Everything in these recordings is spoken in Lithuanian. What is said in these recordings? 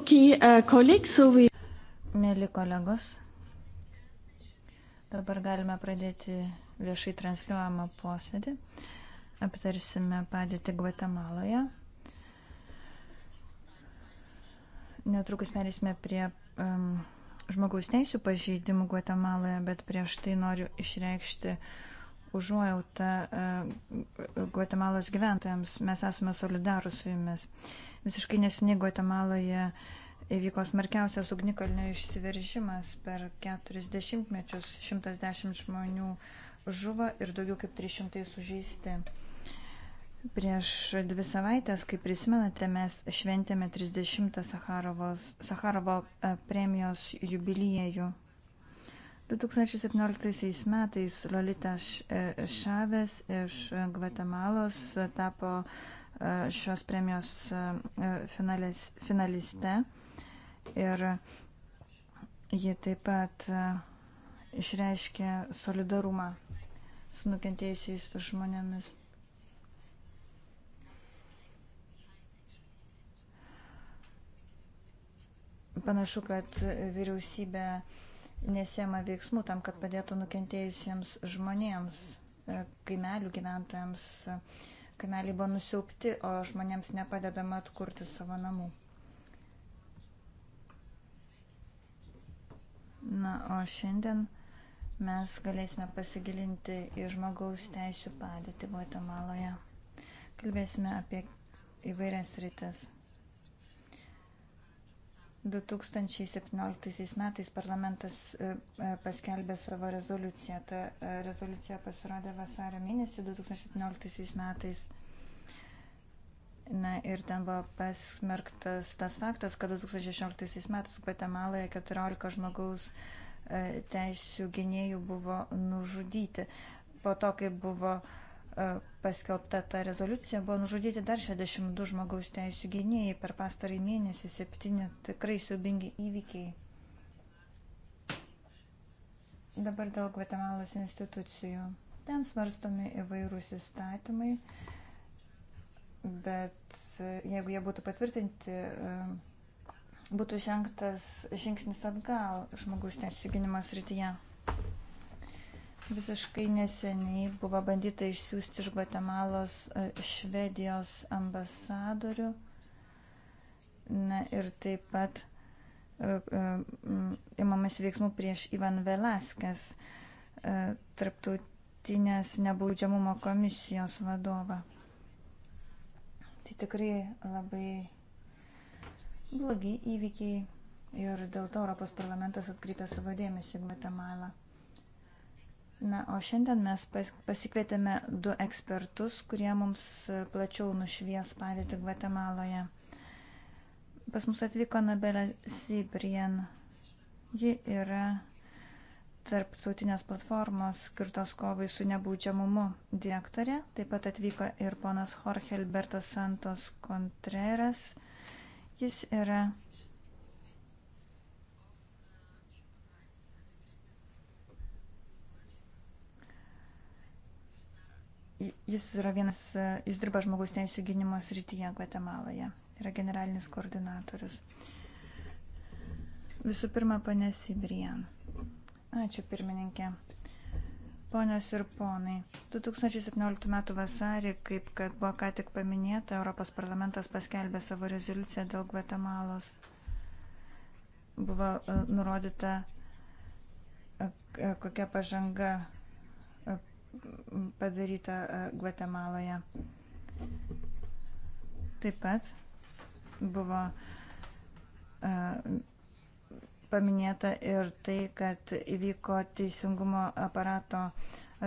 Okay, uh, colleagues, so we... Mėly kolegos, dabar galime pradėti viešai transliuojamą posėdį. Aptarsime padėtį Gvatemaloje. Netrukus perėsime prie um, žmogaus teisų pažeidimų Gvatemaloje, bet prieš tai noriu išreikšti užuojautą uh, Gvatemalos gyventojams. Mes esame solidarus su jumis. Uh, Visiškai nesiniai Guatemaloje įvyko smarkiausias ugnikalnio išsiveržimas per 40 mečius, 110 žmonių žuvo ir daugiau kaip 300 sužeisti. Prieš dvi savaitės, kaip prisimenate, mes šventėme 30 Saharovos, Saharovo e, premijos jubiliejų. 2017 metais Lolita e, Šavės iš Gvatemalos tapo E, šios premijos e, e, finalis, finaliste. Ir ji taip pat išreiškė solidarumą su nukentėjusiais žmonėmis. Panašu, kad vyriausybė nesiema veiksmų tam, kad padėtų nukentėjusiems žmonėms, kaimelių gyventojams, uh, kaimeliai buvo nusiaupti, o žmonėms nepadedama atkurti savo namų. Na, o šiandien mes galėsime pasigilinti į žmogaus teisų padėtį Guatemaloje. Kalbėsime apie įvairias rytis. 2017 metais parlamentas e, e, paskelbė savo rezoliuciją. Ta e, rezoliucija pasirodė vasario mėnesį 2017 metais. Na ir ten buvo pasmerktas tas faktas, kad 2016 metais Gvatemaloje 14 žmogaus teisų gynėjų buvo nužudyti. Po to, kai buvo uh, E, paskelbta ta rezoliucija, buvo nužudyti dar 62 žmogaus teisų gynėjai per pastarąjį mėnesį, septyni tikrai siubingi įvykiai. Dabar dėl Gvatemalos institucijų. Ten svarstomi įvairūs įstatymai, bet jeigu jie būtų patvirtinti, e, būtų žengtas žingsnis atgal žmogaus teisų gynimas rytyje. Visiškai neseniai buvo bandyta išsiųsti iš Guatemalos e, Švedijos ambasadorių. Na ir taip pat e, e, imamas veiksmų prieš Ivan Velaskas, tarptautinės nebaudžiamumo komisijos vadovą. Tai tikrai labai blogi įvykiai ir dėl to Europos parlamentas atkreipė savo dėmesį Guatemalą. Na, o šiandien mes pasikvietėme du ekspertus, kurie mums plačiau nušvies padėti Gvatemaloje. Pas mus atvyko Nabelė Sibrien. Ji yra tarptautinės platformos skirtos kovai su nebūdžiamumu direktorė. Taip pat atvyko ir ponas Jorge Alberto Santos Contreras. Jis yra Jis yra vienas, jis dirba žmogus teisų gynimo srityje Gvatemaloje. Yra generalinis koordinatorius. Visų pirma, pane Sibrian. Ačiū, pirmininkė. Ponios ir ponai, 2017 m. vasarį, kaip kad buvo ką tik paminėta, Europos parlamentas paskelbė savo rezoliuciją dėl Gvatemalos. Buvo e, nurodyta, e, kokia pažanga padaryta e, Gvatemaloje. Taip pat buvo e, paminėta ir tai, kad įvyko teisingumo aparato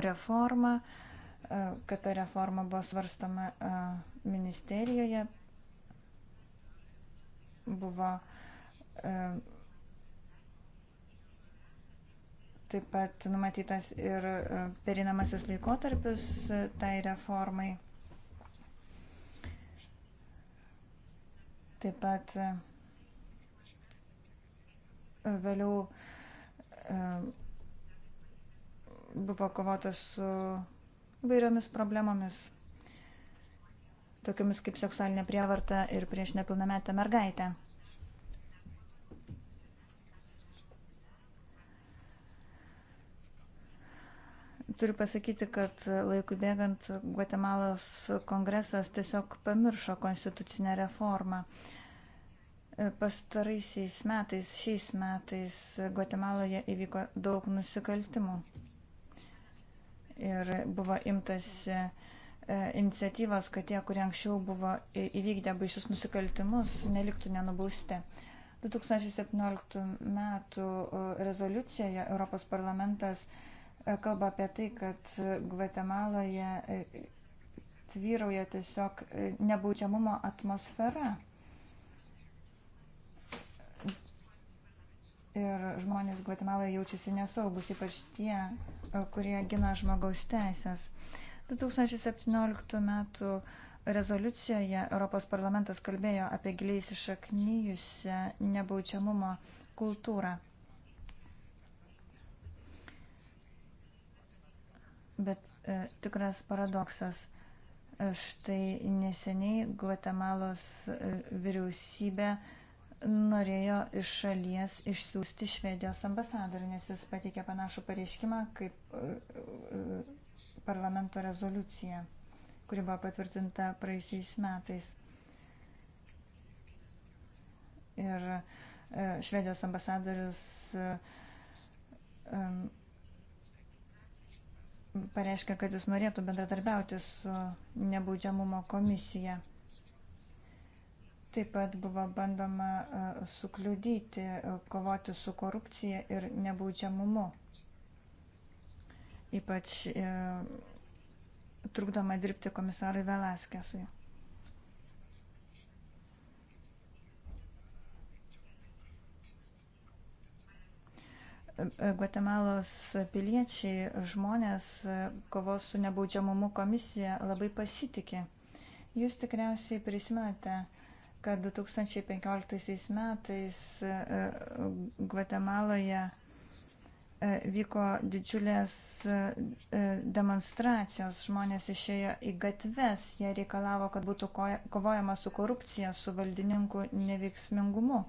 reforma, e, kad ta reforma buvo svarstama ministerijoje, buvo Taip pat numatytas ir e, perinamasis laikotarpis e, tai reformai. Taip pat e, vėliau buvo kovota su vairiomis problemomis, tokiamis kaip seksualinė prievarta ir prieš nepilnametę mergaitę. Turiu pasakyti, kad laikui bėgant Guatemalos kongresas tiesiog pamiršo konstitucinę reformą. Pastaraisiais metais, šiais metais Guatemaloje įvyko daug nusikaltimų ir buvo imtasi e, iniciatyvos, kad tie, kurie anksčiau buvo įvykdę baisius nusikaltimus, neliktų nenubausti. 2017 m. E, rezoliucijoje Europos parlamentas kalba apie tai, kad Gvatemaloje e, tvyrauja tiesiog e, nebaudžiamumo atmosfera. Ir žmonės Gvatemaloje jaučiasi nesaugus, ypač tie, e, kurie gina žmogaus teisės. 2017 m. rezoliucijoje Europos parlamentas kalbėjo apie giliai įsišaknyjusią nebaudžiamumo kultūrą. bet e, tikras paradoksas. E, štai neseniai Guatemalos e, vyriausybė norėjo iš šalies išsiųsti Švedijos ambasadorių, nes jis pateikė panašų pareiškimą kaip e, parlamento rezoliucija, kuri buvo patvirtinta praėjusiais metais. Ir Švedijos ambasadorius pareiškia, kad jis norėtų bendradarbiauti su nebaudžiamumo komisija. Taip pat buvo bandoma e, sukliudyti, e, kovoti su korupcija ir nebaudžiamumu. Ypač e, trukdoma dirbti komisarui Velaskesui. Guatemalos piliečiai, žmonės kovos su nebaudžiamumu komisija labai pasitikė. Jūs tikriausiai prisimenate, kad 2015 metais e, Gvatemaloje e, vyko didžiulės e, demonstracijos, žmonės išėjo į gatves, jie reikalavo, kad būtų kovojama su korupcija, su valdininkų neveiksmingumu.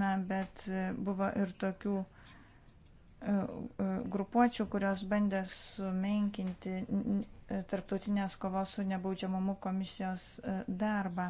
Na, bet e, buvo ir tokių e, e, grupuočių, kurios bandė sumenkinti tarptautinės kovos su nebaudžiamumu komisijos darbą.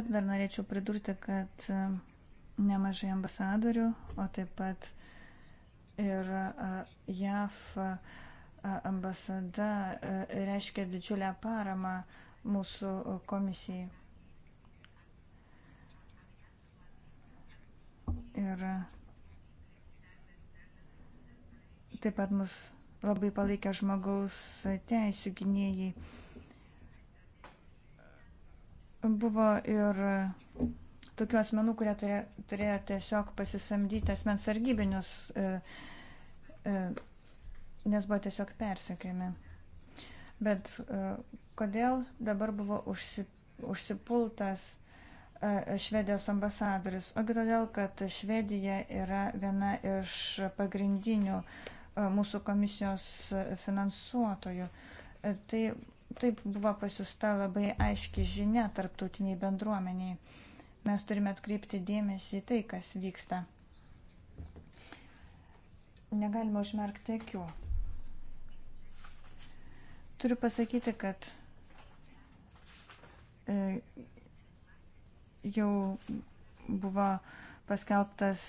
Bet dar norėčiau pridurti, kad e, nemažai ambasadorių, o taip pat ir e, JAF e, ambasada reiškia didžiulę paramą mūsų komisijai. Ir taip pat mus labai palaikė žmogaus teisų gynėjai Buvo ir tokių asmenų, kurie turėjo, turėjo tiesiog pasisamdyti asmens sargybinius, e, e, nes buvo tiesiog persekiami. Bet e, kodėl dabar buvo užsipultas Švedijos ambasadorius? Ogi todėl, kad Švedija yra viena iš pagrindinių mūsų komisijos finansuotojų. Tai Taip buvo pasiusta labai aiški žinia tarptautiniai bendruomeniai. Mes turime atkreipti dėmesį į tai, kas vyksta. Negalima užmerkti akių. Turiu pasakyti, kad e, jau buvo paskelbtas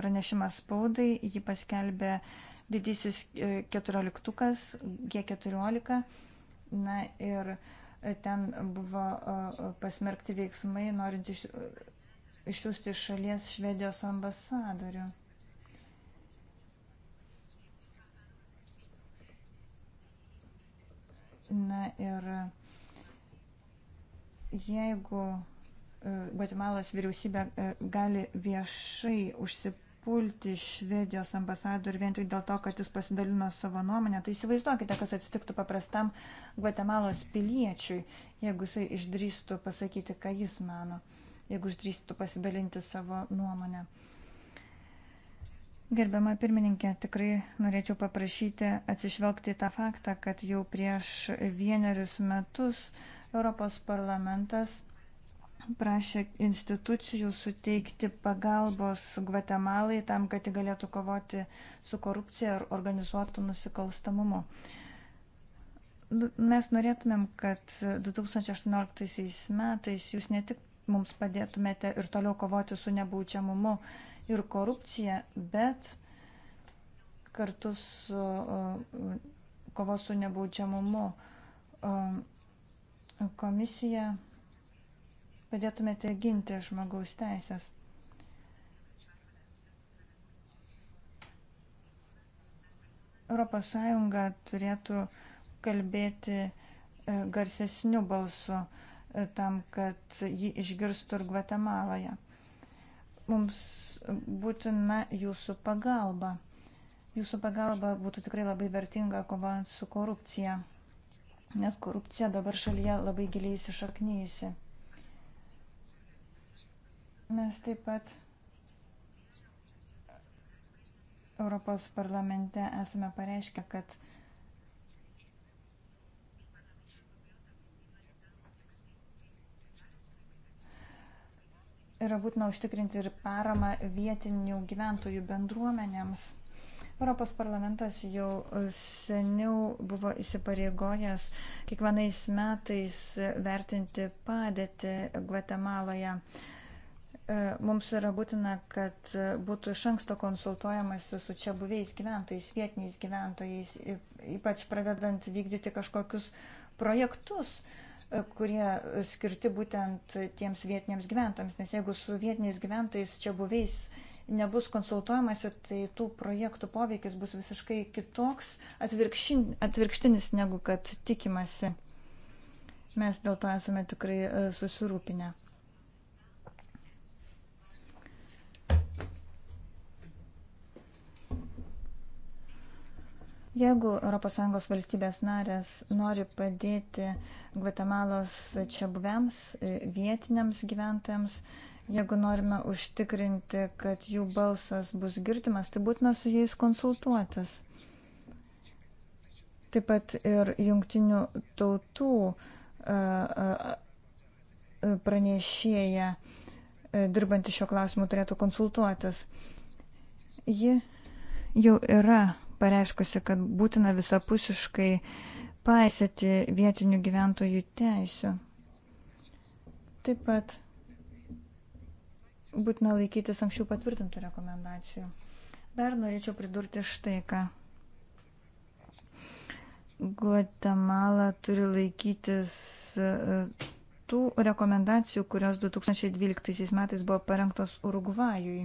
pranešimas spaudai, jį paskelbė didysis e, keturioliktukas G14. Na ir ten buvo pasmerkti veiksmai, norint iš, išsiųsti iš šalies Švedijos ambasadorių. Na ir jeigu Gvatemalos vyriausybė gali viešai užsip, pulti Švedijos ambasadorių vien tik dėl to, kad jis pasidalino savo nuomonę, tai įsivaizduokite, kas atsitiktų paprastam Guatemalos piliečiui, jeigu jisai išdrįstų pasakyti, ką jis mano, jeigu išdrįstų pasidalinti savo nuomonę. Gerbiama pirmininkė, tikrai norėčiau paprašyti atsižvelgti į tą faktą, kad jau prieš vienerius metus Europos parlamentas prašė institucijų suteikti pagalbos Gvatemalai tam, kad ji galėtų kovoti su korupcija ir organizuotų nusikalstamumu. Nu, mes norėtumėm, kad 2018 metais jūs ne tik mums padėtumėte ir toliau kovoti su nebaučiamumu ir korupcija, bet kartu su uh, kovos su nebaučiamumu uh, komisija padėtumėte ginti žmogaus teisės. ES turėtų kalbėti e, garsesniu balsu e, tam, kad jį išgirstų ir Gvatemaloje. Mums būtina jūsų pagalba. Jūsų pagalba būtų tikrai labai vertinga kovant su korupcija, nes korupcija dabar šalyje labai giliai įsišaknyjusi. Mes taip pat Europos parlamente esame pareiškę, kad yra būtina užtikrinti ir paramą vietinių gyventojų bendruomenėms. Europos parlamentas jau seniau buvo įsipareigojęs kiekvienais metais vertinti padėtį Gvatemaloje. E, mums yra būtina, kad e, būtų iš anksto konsultuojamasi su čia buviais gyventojais, vietiniais gyventojais, ypač pradedant vykdyti kažkokius projektus, e, kurie skirti būtent tiems vietiniams gyventojams. Nes jeigu su vietiniais gyventojais čia buviais nebus konsultuojamasi, tai tų projektų poveikis bus visiškai kitoks, atvirkštinis negu kad tikimasi. Mes dėl to esame tikrai susirūpinę. Jeigu ES valstybės narės nori padėti Gvatemalos čia buvėms, e, vietiniams gyventojams, jeigu norime užtikrinti, kad jų balsas bus girdimas, tai būtina su jais konsultuotis. Taip pat ir jungtinių tautų e, e, pranešėja dirbantį šio klausimu turėtų konsultuotis. Ji jau yra pareiškusi, kad būtina visapusiškai paisyti vietinių gyventojų teisų. Taip pat būtina laikytis anksčiau patvirtintų rekomendacijų. Dar norėčiau pridurti štai ką. Guatemala turi laikytis e, tų rekomendacijų, kurios 2012 metais buvo parengtos Urugvajui.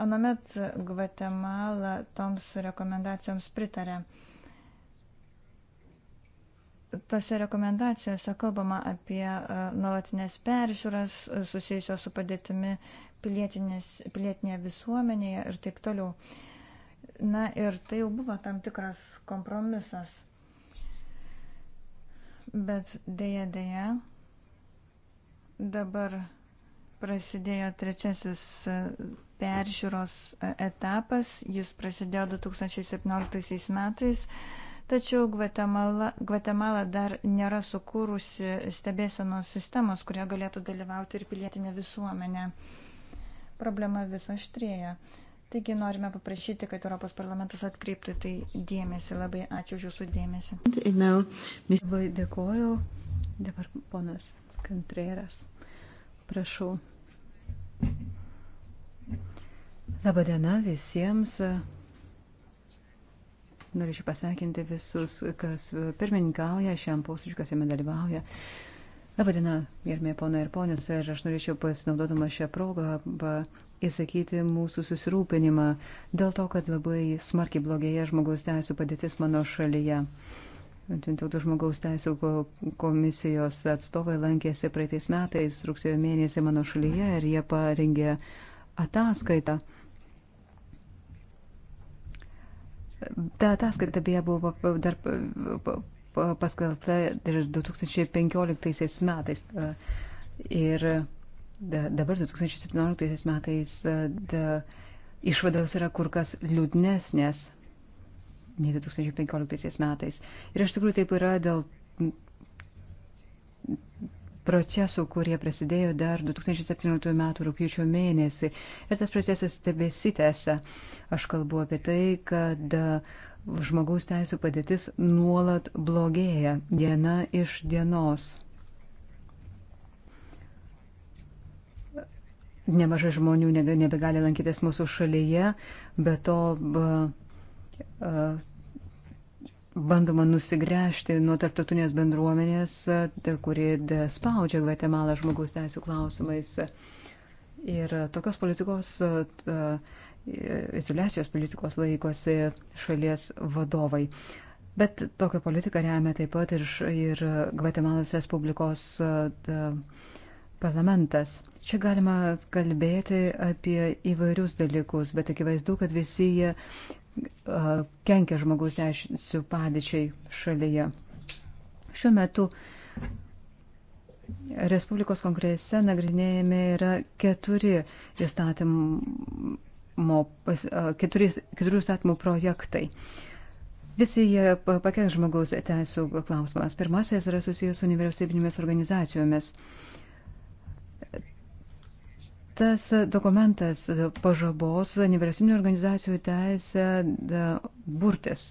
Anomet Gvatemala toms rekomendacijoms pritarė. Tose rekomendacijose kalbama apie e, nuolatinės peržiūras e, susijusios su padėtimi pilietinėje visuomenėje ir taip toliau. Na ir tai jau buvo tam tikras kompromisas. Bet dėja, dėja, dabar prasidėjo trečiasis e, peržiūros e, etapas, jis prasidėjo 2017 metais, tačiau Gvatemala, Gvatemala dar nėra sukūrusi stebėsenos sistemos, kurie galėtų dalyvauti ir pilietinė visuomenė. Problema vis aštrėja. Taigi norime paprašyti, kad Europos parlamentas atkreiptų tai dėmesį. Labai ačiū už jūsų dėmesį. Labai dėkoju. Dabar ponas Kantreras. Prašau. Labadiena visiems. Norėčiau pasveikinti visus, kas pirmininkauja šiam posėdžiui, kas jame dalyvauja. Labadiena, gerbėjai ponai ir ponės, ir aš norėčiau pasinaudodama šią progą įsakyti mūsų susirūpinimą dėl to, kad labai smarkiai blogėja žmogaus teisų padėtis mano šalyje. Tautų žmogaus teisų komisijos atstovai lankėsi praeitais metais, rugsėjo mėnesį mano šalyje ir jie parengė uh, ataskaitą. Ta ataskaita beje buvo dar paskelbta ir 2015 metais. Ir dabar 2017 metais išvados yra kur kas liūdnesnės nei 2015 metais. Ir iš tikrųjų taip yra dėl procesų, kurie prasidėjo dar 2017 m. rūpjūčio mėnesį. Ir tas procesas tebesitęsia. Aš kalbu apie tai, kad e, žmogaus teisų padėtis nuolat blogėja diena iš dienos. Nemažai žmonių nebegali lankytis mūsų šalyje, bet to e, bandoma nusigręžti nuo tarptautinės bendruomenės, e, kuri spaudžia Gvatemalą žmogaus teisų klausimais. Ir tokios politikos, e, e, izolacijos politikos laikosi šalies vadovai. Bet tokią politiką remia taip pat ir, ir Gvatemalos Respublikos. Ta, parlamentas. Čia galima kalbėti apie įvairius dalykus, bet akivaizdu, kad visi jie kenkia žmogaus teisų padėčiai šalyje. Šiuo metu Respublikos kongrese nagrinėjami yra keturi įstatymo, keturi, keturi įstatymų projektai. Visi jie pakeks žmogaus teisų klausimas. Pirmasis yra susijęs su nevyriausybinėmis organizacijomis. Uh, Tas dokumentas pažabos nevyriausybinio organizacijų teisę burtis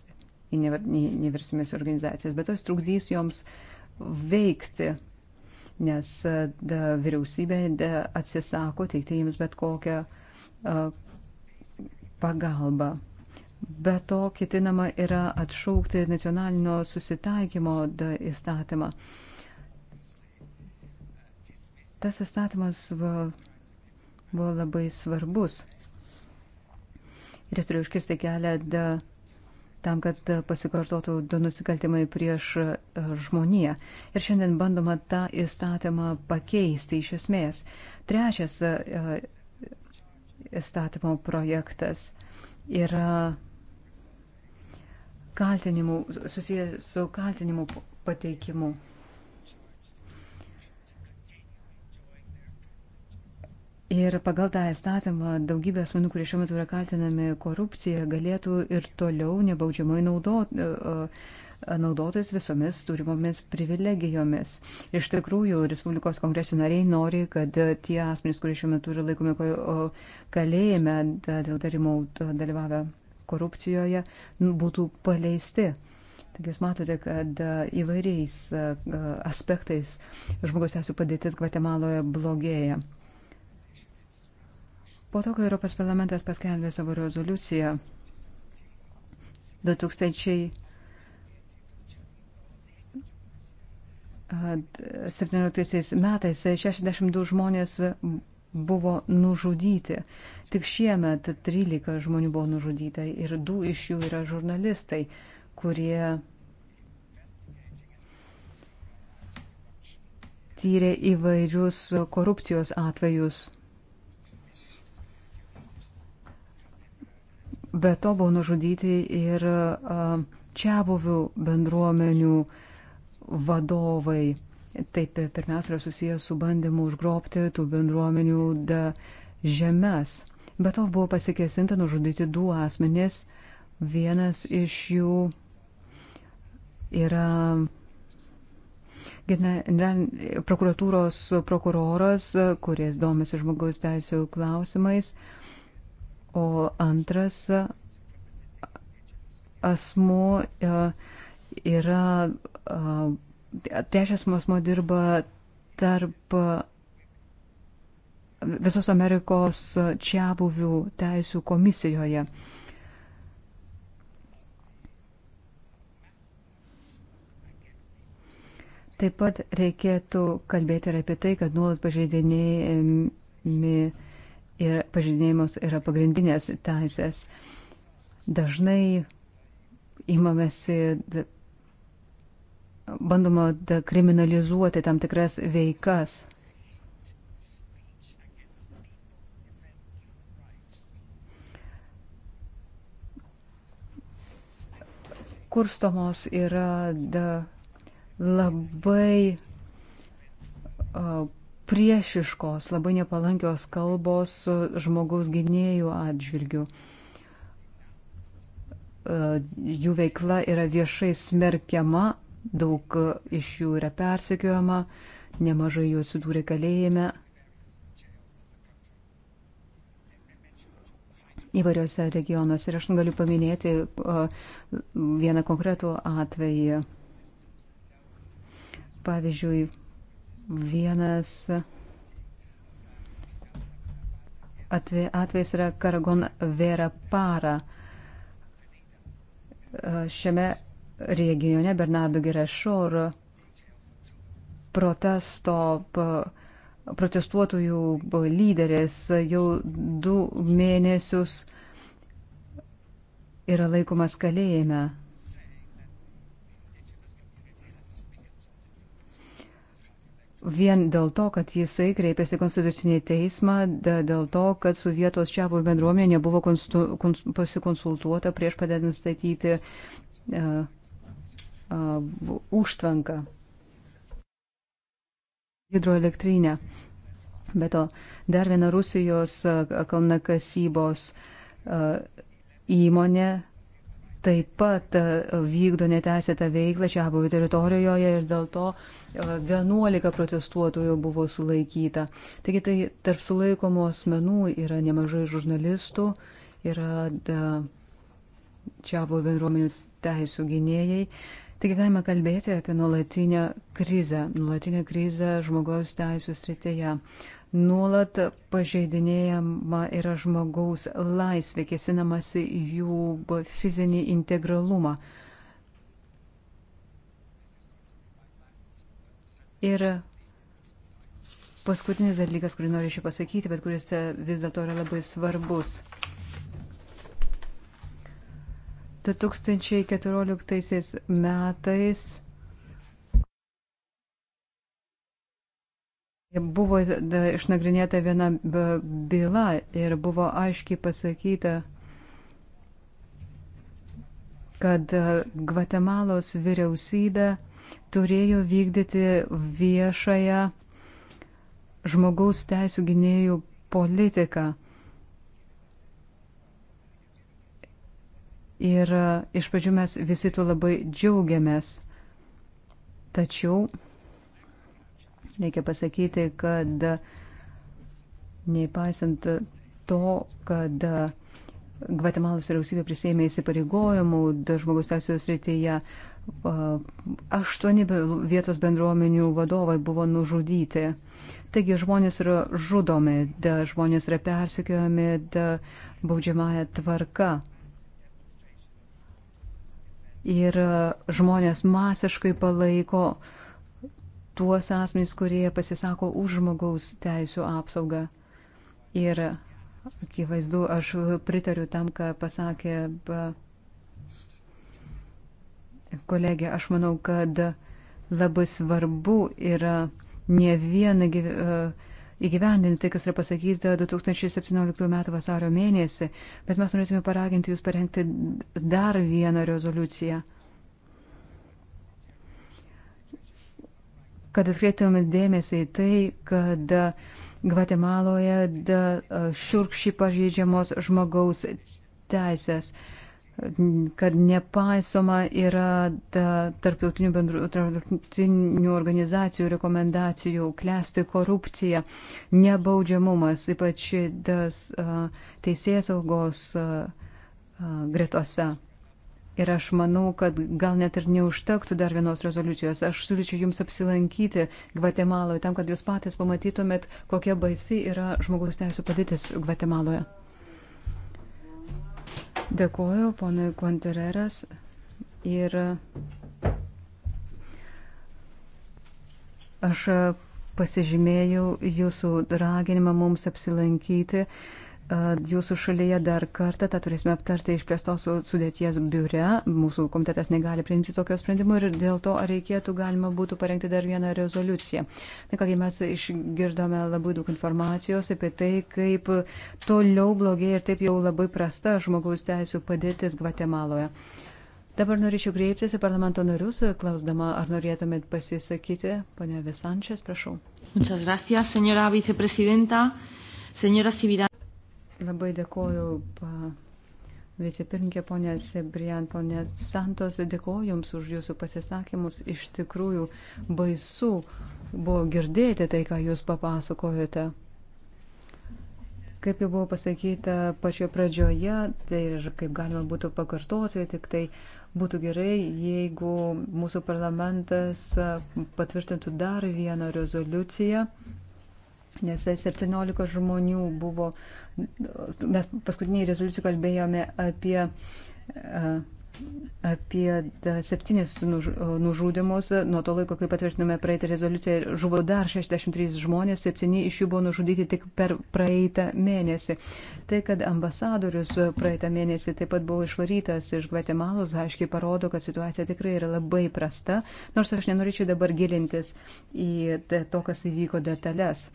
į nevyriausybinės organizacijas, bet tos trukdys joms veikti, nes da, vyriausybė da, atsisako teikti jiems bet kokią uh, pagalbą. Be to, ketinama yra atšaukti nacionalinio susitaikymo da, įstatymą. Tas įstatymas. Va, uh, buvo labai svarbus. Ir jis turėjo užkirsti kelią da, tam, kad pasikartotų du nusikaltimai prieš e, žmoniją. Ir šiandien bandoma tą įstatymą pakeisti iš esmės. Trečias e, e, įstatymo projektas yra kaltinimų, susijęs su kaltinimu pateikimu. Ir pagal tą įstatymą daugybė asmenų, kurie šiuo metu yra kaltinami korupcija, galėtų ir toliau nebaudžiamai naudot, e, e, naudotis visomis turimomis privilegijomis. Iš tikrųjų, Respublikos kongreso nariai nori, kad tie asmenys, kurie šiuo metu yra laikomi kalėjime dėl darimo dalyvavę korupcijoje, būtų paleisti. Taigi jūs matote, kad e, įvairiais aspektais žmogaus teisų padėtis Gvatemaloje blogėja. Po to, kai Europos parlamentas paskelbė savo rezoliuciją 2017 metais 62 žmonės buvo nužudyti. Tik šiemet 13 žmonių buvo nužudyta ir du iš jų yra žurnalistai, kurie tyrė įvairius korupcijos atvejus Be to buvo nužudyti ir čia buvių bendruomenių vadovai. Taip pirmiausia yra susijęs su bandymu užgrobti tų bendruomenių žemės. Be to buvo pasikesinta nužudyti du asmenys. Vienas iš jų yra prokuratūros prokuroras, kuris domisi žmogaus teisų klausimais. Uh, o antras asmuo e, yra, e, trečias asmuo dirba tarp visos Amerikos čia buvių teisų komisijoje. Taip pat reikėtų kalbėti ir apie tai, kad nuolat pažeidinėjami ir pažydinėjimus yra pagrindinės teisės. Dažnai įmamėsi, bandoma kriminalizuoti tam tikras veikas. Kurstomos yra da, labai uh, priešiškos, labai nepalankios kalbos žmogaus gynėjų atžvilgių. E, jų veikla yra viešai smerkiama, daug iš jų yra persekiojama, nemažai jų atsidūrė kalėjime. Įvairiose regionuose ir aš galiu paminėti e, vieną konkretų atvejį. Pavyzdžiui, Vienas atvejis yra Karagon Vera Para. Šiame regione Bernardo Gerešor protesto protestuotojų lyderis jau du mėnesius yra laikomas kalėjime. vien dėl to, kad jisai kreipėsi konstitucinį teismą, dėl to, kad su vietos čiavų bendruomenė nebuvo konstu, kons, pasikonsultuota prieš padedant statyti uh, uh, užtvanką hidroelektrinę. Be to, dar viena Rusijos e, kalnakasybos uh, įmonė taip pat e, vykdo neteisėtą veiklą čia abuvo teritorijoje ir dėl to 11 e, protestuotojų buvo sulaikyta. Taigi tai tarp sulaikomų asmenų yra nemažai žurnalistų, yra čia abuvo bendruomenių teisų gynėjai. Taigi galime kalbėti apie nuolatinę krizę, nuolatinę krizę žmogaus teisų srityje nuolat pažeidinėjama yra žmogaus laisvė, kėsinamasi jų fizinį integralumą. Ir paskutinis dalykas, kurį norėčiau pasakyti, bet kuris vis dėlto yra labai svarbus. 2014 metais Buvo da, išnagrinėta viena byla ir buvo aiškiai pasakyta, kad e, Gvatemalos vyriausybė turėjo vykdyti viešąją žmogaus teisų gynėjų politiką. Ir e, iš pradžių mes visi tuo labai džiaugiamės. Tačiau Reikia pasakyti, kad neįpaisant to, kad Gvatemalos vyriausybė prisėmė įsipareigojimų žmogus teisų srityje, aštuoni vietos bendruomenių vadovai buvo nužudyti. Taigi žmonės yra žudomi, da, žmonės yra persikiojami baudžiamąją tvarką. Ir žmonės masiškai palaiko uh, tuos asmenys, kurie pasisako už žmogaus teisų apsaugą. Ir akivaizdu, aš pritariu tam, ką pasakė kolegė. Aš manau, kad labai svarbu yra ne vieną e, įgyvendinti, kas yra pasakyta 2017 m. vasario mėnesį, bet mes norėsime paraginti jūs parengti dar vieną rezoliuciją. kad atkreiptumėm dėmesį į tai, kad e, Gvatemaloje e, šiurkščiai pažeidžiamos žmogaus teisės, kad nepaisoma yra tarptautinių, bendru, tarptautinių organizacijų rekomendacijų, klesti korupcija, nebaudžiamumas, ypač e, teisės saugos gretose. Ir aš manau, kad gal net ir neužtektų dar vienos rezoliucijos. Aš siūlyčiau Jums apsilankyti Gvatemaloje tam, kad Jūs patys pamatytumėt, kokia baisi yra žmogaus teisų padėtis Gvatemaloje. Dėkuoju ponui Kontereras ir aš pasižymėjau Jūsų raginimą mums apsilankyti. Uh, jūsų šalyje dar kartą, tą turėsime aptarti išplėstos sudėties biure. Mūsų komitetas negali priimti tokio sprendimo ir dėl to, ar reikėtų, galima būtų parengti dar vieną rezoliuciją. Na kągi, mes išgirdome labai daug informacijos apie tai, kaip toliau blogėja ir taip jau labai prasta žmogaus teisų padėtis Gvatemaloje. Dabar norėčiau kreiptis į parlamento narius, klausdama, ar norėtumėt pasisakyti. Pane Visančias, prašau. Muchas gracias, señora viceprezidenta. Señora Sibirán. Labai dėkoju vicepirinkė ponė Sebrian, ponė Santos, dėkoju Jums už Jūsų pasisakymus. Iš tikrųjų baisu buvo girdėti tai, ką Jūs papasakojate. Kaip jau buvo pasakyta pačioje pradžioje, tai ir kaip galima būtų pakartoti, tik tai būtų gerai, jeigu mūsų parlamentas patvirtintų dar vieną rezoliuciją, nes 17 tai žmonių buvo uh, Mes paskutinėje rezoliucijoje kalbėjome apie, apie septynis nužudimus. Nuo to laiko, kai patvirtinome praeitą rezoliuciją, žuvo dar 63 žmonės, septyni iš jų buvo nužudyti tik per praeitą mėnesį. Tai, kad ambasadorius praeitą mėnesį taip pat buvo išvarytas iš Gvatemalos, aiškiai parodo, kad situacija tikrai yra labai prasta, nors aš nenorėčiau dabar gilintis į to, kas įvyko detalės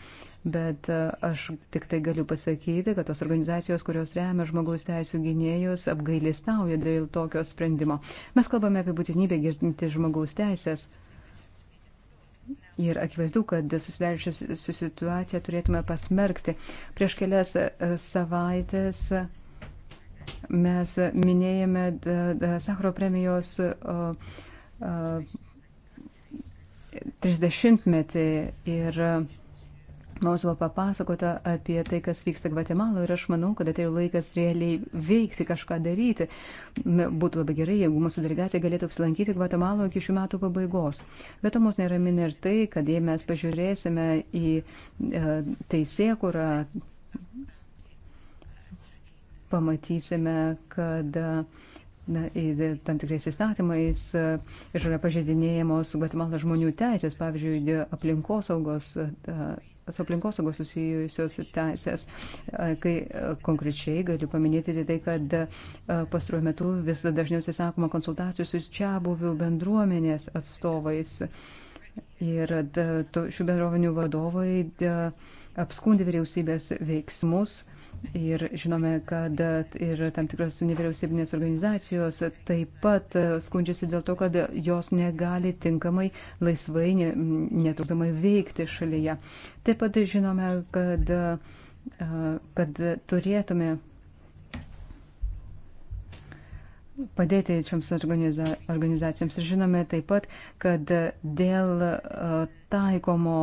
bet e, aš tik tai galiu pasakyti, kad tos organizacijos, kurios remia žmogaus teisų gynėjus, apgailistauja dėl tokio sprendimo. Mes kalbame apie būtinybę ginti žmogaus teisės. Ir akivaizdu, kad susidariusią situaciją turėtume pasmerkti. Prieš kelias e, savaitės mes minėjame Sakro premijos 30-metį ir Mums buvo papasakota apie tai, kas vyksta Gvatemalo ir aš manau, kad atėjo laikas realiai veikti, kažką daryti. Būtų labai gerai, jeigu mūsų delegacija galėtų apsilankyti Gvatemalo iki šių metų pabaigos. Bet to mus neramina ir tai, kad jei mes pažiūrėsime į e, teisėkurą, pamatysime, kad e, Na, e, tam tikrais įstatymais e, yra pažeidinėjamos Gvatemalos žmonių teisės, pavyzdžiui, aplinkosaugos, e, su aplinkosaugos susijusios teisės, kai konkrečiai galiu paminėti tai, kad pastaruoju metu vis dažniau atsisakoma konsultacijų su čia buvių bendruomenės atstovais. Ir šių bendrovinių vadovai apskundė vyriausybės veiksmus Ir žinome, kad ir tam tikros nevyriausybinės organizacijos taip pat skundžiasi dėl to, kad jos negali tinkamai, laisvai, netrukdomai veikti šalyje. Taip pat žinome, kad, kad turėtume padėti šioms organiza organizacijoms. Ir žinome taip pat, kad dėl taikomo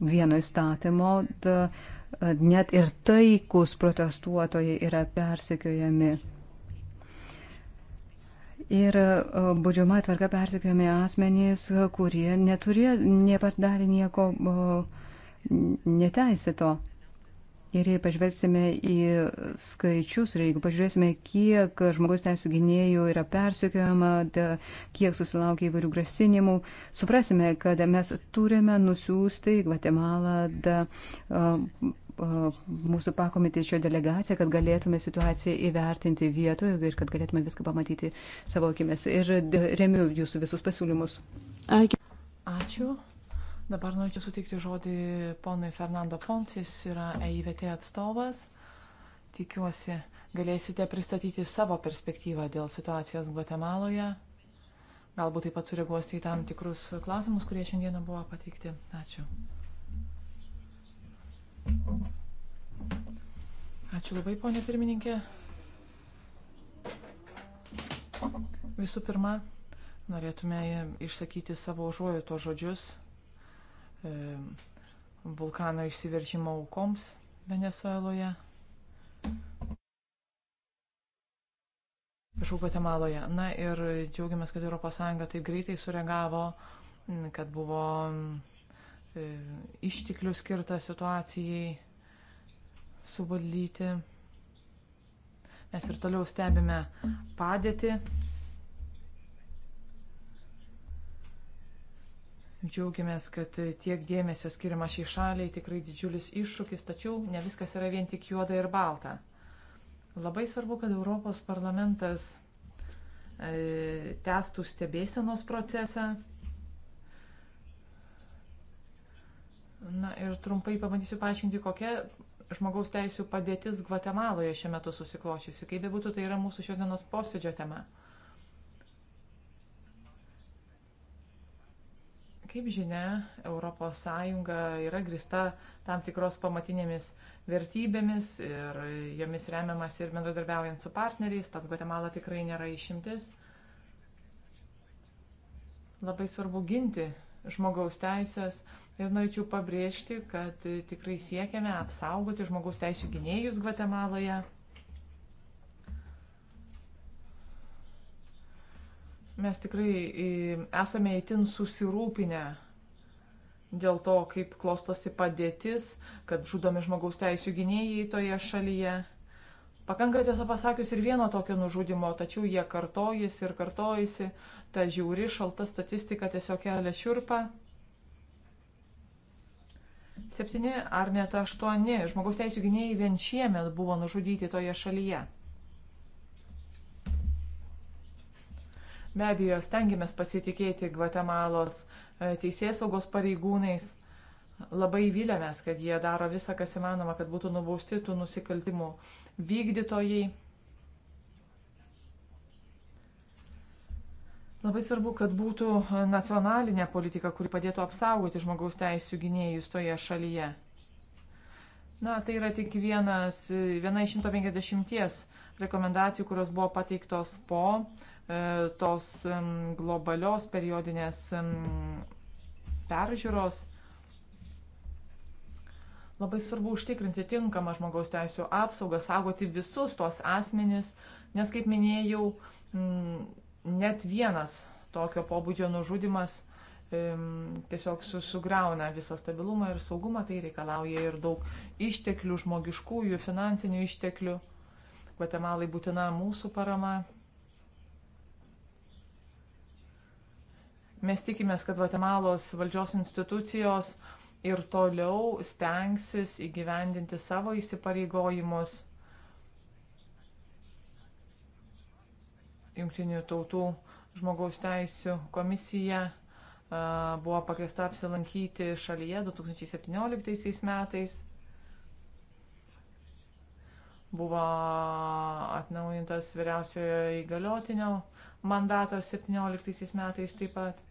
vieno įstatymo da, Net ir taikus protestuotojai yra persekiojami. Ir e, baudžiama tvarka persikiojami asmenys, kurie neturė, nepardarė nieko e, neteisėto. Ir jei pažvelgsime į skaičius, ir jeigu pažiūrėsime, kiek žmogaus teisų gynėjų yra persikiojama, kiek susilaukia įvairių grasinimų, suprasime, kad mes turime nusiųsti į Gvatemalą mūsų pakomitečio delegaciją, kad galėtume situaciją įvertinti vietoje ir kad galėtume viską pamatyti savo akimis. Ir remiu jūsų visus pasiūlymus. Ačiū. Dabar norėčiau sutikti žodį ponui Fernando Pons, jis yra EIVT atstovas. Tikiuosi, galėsite pristatyti savo perspektyvą dėl situacijos Gvatemaloje. Galbūt taip pat sureaguosite į tam tikrus klausimus, kurie šiandieną buvo pateikti. Ačiū. Ačiū labai, ponė pirmininkė. Visų pirma, norėtume išsakyti savo užuojoto žodžius e, vulkano išsiveržimo aukoms Venezueloje. Prašau, Guatemaloje. Na ir džiaugiamės, kad ES taip greitai sureagavo, kad buvo E, išteklių skirtą situacijai suvaldyti. Mes ir toliau stebime padėtį. Džiaugiamės, kad tiek dėmesio skiriama šiai šaliai tikrai didžiulis iššūkis, tačiau ne viskas yra vien tik juoda ir balta. Labai svarbu, kad Europos parlamentas e, testų stebėsenos procesą Na ir trumpai pabandysiu paaiškinti, kokia žmogaus teisų padėtis Gvatemaloje šiuo metu susiklošiusi. Kaip bebūtų, tai yra mūsų šiandienos posėdžio tema. Kaip žinia, ES yra grista tam tikros pamatinėmis vertybėmis ir jomis remiamas ir bendradarbiaujant su partneriais, tad Gvatemala tikrai nėra išimtis. Labai svarbu ginti žmogaus teisės. Ir norėčiau pabrėžti, kad e, tikrai siekiame apsaugoti žmogaus teisų gynėjus Gvatemaloje. Mes tikrai e, esame įtin susirūpinę dėl to, kaip klostosi padėtis, kad žudomi žmogaus teisų gynėjai toje šalyje. Pakanka tiesą pasakius ir vieno tokio nužudimo, tačiau jie kartojasi ir kartojasi, ta žiauri šalta statistika tiesiog kelia šiurpą. Septyni ar net aštuoni žmogaus teisų gynėjai vien šiemet buvo nužudyti toje šalyje. Be abejo, stengiamės pasitikėti Gvatemalos e, teisėsaugos pareigūnais, Labai vylėmės, kad jie daro visą, kas įmanoma, kad būtų nubausti tų nusikaltimų vykdytojai. Labai svarbu, kad būtų nacionalinė politika, kuri padėtų apsaugoti žmogaus teisų gynėjus toje šalyje. Na, tai yra tik vienas, viena iš 150 rekomendacijų, kurios buvo pateiktos po e, tos globalios periodinės peržiūros. Labai svarbu užtikrinti tinkamą žmogaus teisų apsaugą, saugoti visus tuos asmenys, nes, kaip minėjau, mm, net vienas tokio pobūdžio nužudimas tiesiog su, sugriauna visą stabilumą ir saugumą, tai reikalauja ir daug išteklių, žmogiškųjų, finansinių išteklių. Gvatemalai būtina mūsų parama. Mes tikimės, kad Gvatemalos valdžios institucijos uh, ir toliau stengsis įgyvendinti savo įsipareigojimus Junktinių tautų žmogaus teisų komisija buvo pakviesta apsilankyti šalyje 2017 metais. Buvo atnaujintas vyriausiojo įgaliotinio mandatas 2017 metais taip pat.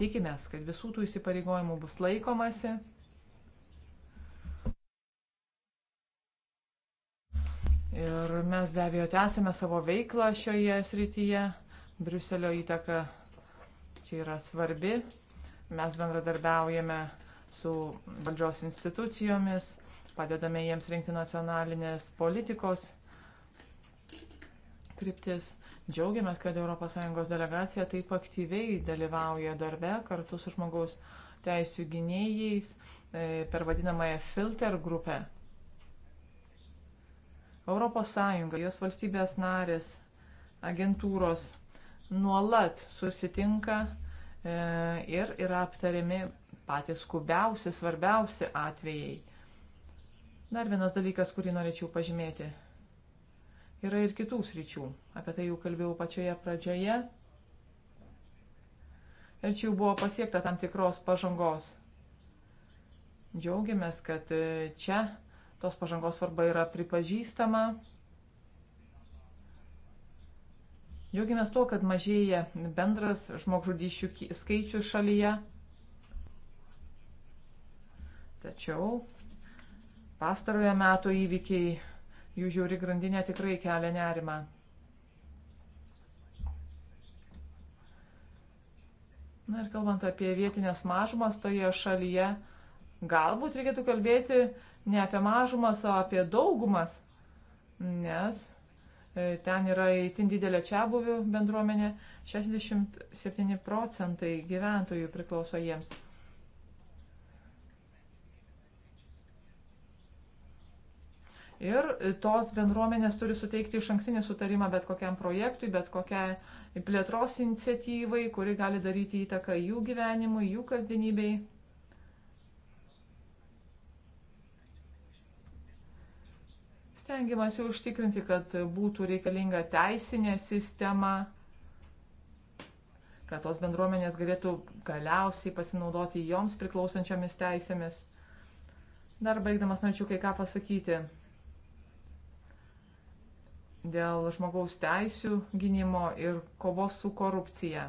Tikimės, kad visų tų įsipareigojimų bus laikomasi. Ir mes be abejo tęsime savo veiklą šioje srityje. Briuselio įtaka čia yra svarbi. Mes bendradarbiaujame su valdžios institucijomis, padedame jiems rinkti nacionalinės politikos kryptis. Džiaugiamės, kad ES delegacija taip aktyviai dalyvauja darbe kartu su žmogaus teisų gynėjais e, per vadinamąją filter grupę. ES, jos valstybės narės, agentūros nuolat susitinka e, ir yra aptariami patys skubiausi, svarbiausi atvejai. Dar vienas dalykas, kurį norėčiau pažymėti. Yra ir kitų sričių. Apie tai jau kalbėjau pačioje pradžioje. Ir čia jau buvo pasiekta tam tikros pažangos. Džiaugiamės, kad e, čia tos pažangos svarba yra pripažįstama. Džiaugiamės tuo, kad mažėja bendras žmogžudyšių skaičius šalyje. Tačiau pastarojo metų įvykiai jų žiauri grandinė tikrai kelia nerimą. Na ir kalbant apie vietinės mažumas toje šalyje, galbūt reikėtų kalbėti ne apie mažumas, o apie daugumas, nes e, ten yra įtin didelė čia buvių bendruomenė, 67 procentai gyventojų priklauso jiems. Ir tos bendruomenės turi suteikti iš anksinį sutarimą bet kokiam projektui, bet kokiai plėtros iniciatyvai, kuri gali daryti įtaką jų gyvenimui, jų kasdienybei. Stengiamasi užtikrinti, kad būtų reikalinga teisinė sistema, kad tos bendruomenės galėtų galiausiai pasinaudoti joms priklausančiomis teisėmis. Dar baigdamas norėčiau kai ką pasakyti dėl žmogaus teisų gynimo ir kovos su korupcija.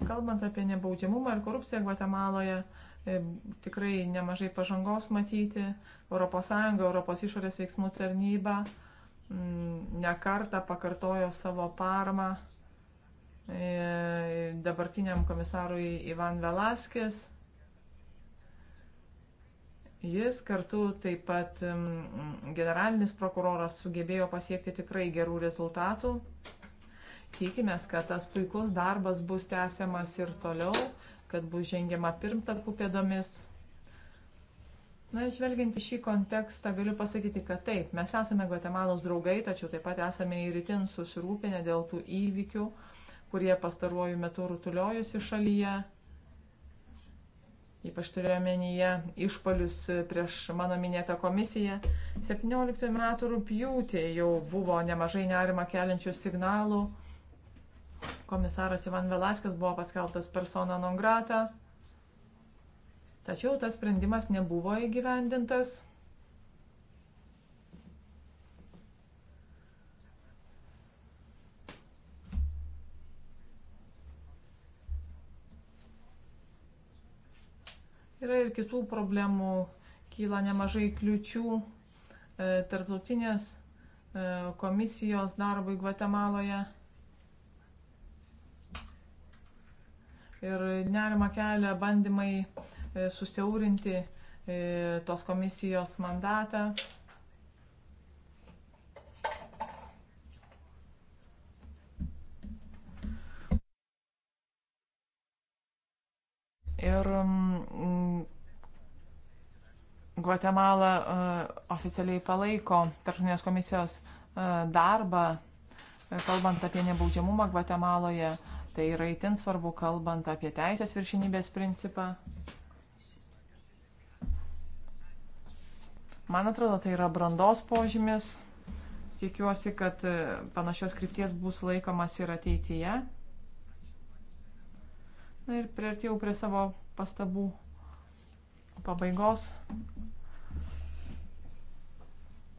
Kalbant apie nebaudžiamumą ir korupciją Gvatemaloje, e, tikrai nemažai pažangos matyti. ES, ES išorės veiksmų tarnyba mm, nekarta pakartojo savo parmą e, dabartiniam komisarui Ivan Velaskis. Jis kartu taip pat generalinis prokuroras sugebėjo pasiekti tikrai gerų rezultatų. Tikimės, kad tas puikus darbas bus tęsiamas ir toliau, kad bus žengiama pirmtakų pėdomis. Na, žvelgiant į šį kontekstą, galiu pasakyti, kad taip, mes esame Guatemalos draugai, tačiau taip pat esame ir itin susirūpinę dėl tų įvykių, kurie pastaruoju metu rutuliojusi šalyje. Ypač turiuomenyje išpolius prieš mano minėtą komisiją. 17 metų rūpjūtį jau buvo nemažai nerima keliančių signalų. Komisaras Ivan Velaskas buvo paskelbtas persona non grata. Tačiau tas sprendimas nebuvo įgyvendintas. Yra ir kitų problemų, kyla nemažai kliučių e, tarptautinės e, komisijos darbui Gvatemaloje. Ir nerima kelia bandymai e, susiaurinti tos komisijos mandatą. Gvatemala e, oficialiai palaiko tarptautinės komisijos e, darbą, e, kalbant apie nebaudžiamumą Gvatemaloje. Tai yra itin svarbu, kalbant apie teisės viršinybės principą. Man atrodo, tai yra brandos požymis. Tikiuosi, kad panašios krypties bus laikomas ir ateityje. Na ir prieartėjau prie savo pastabų pabaigos.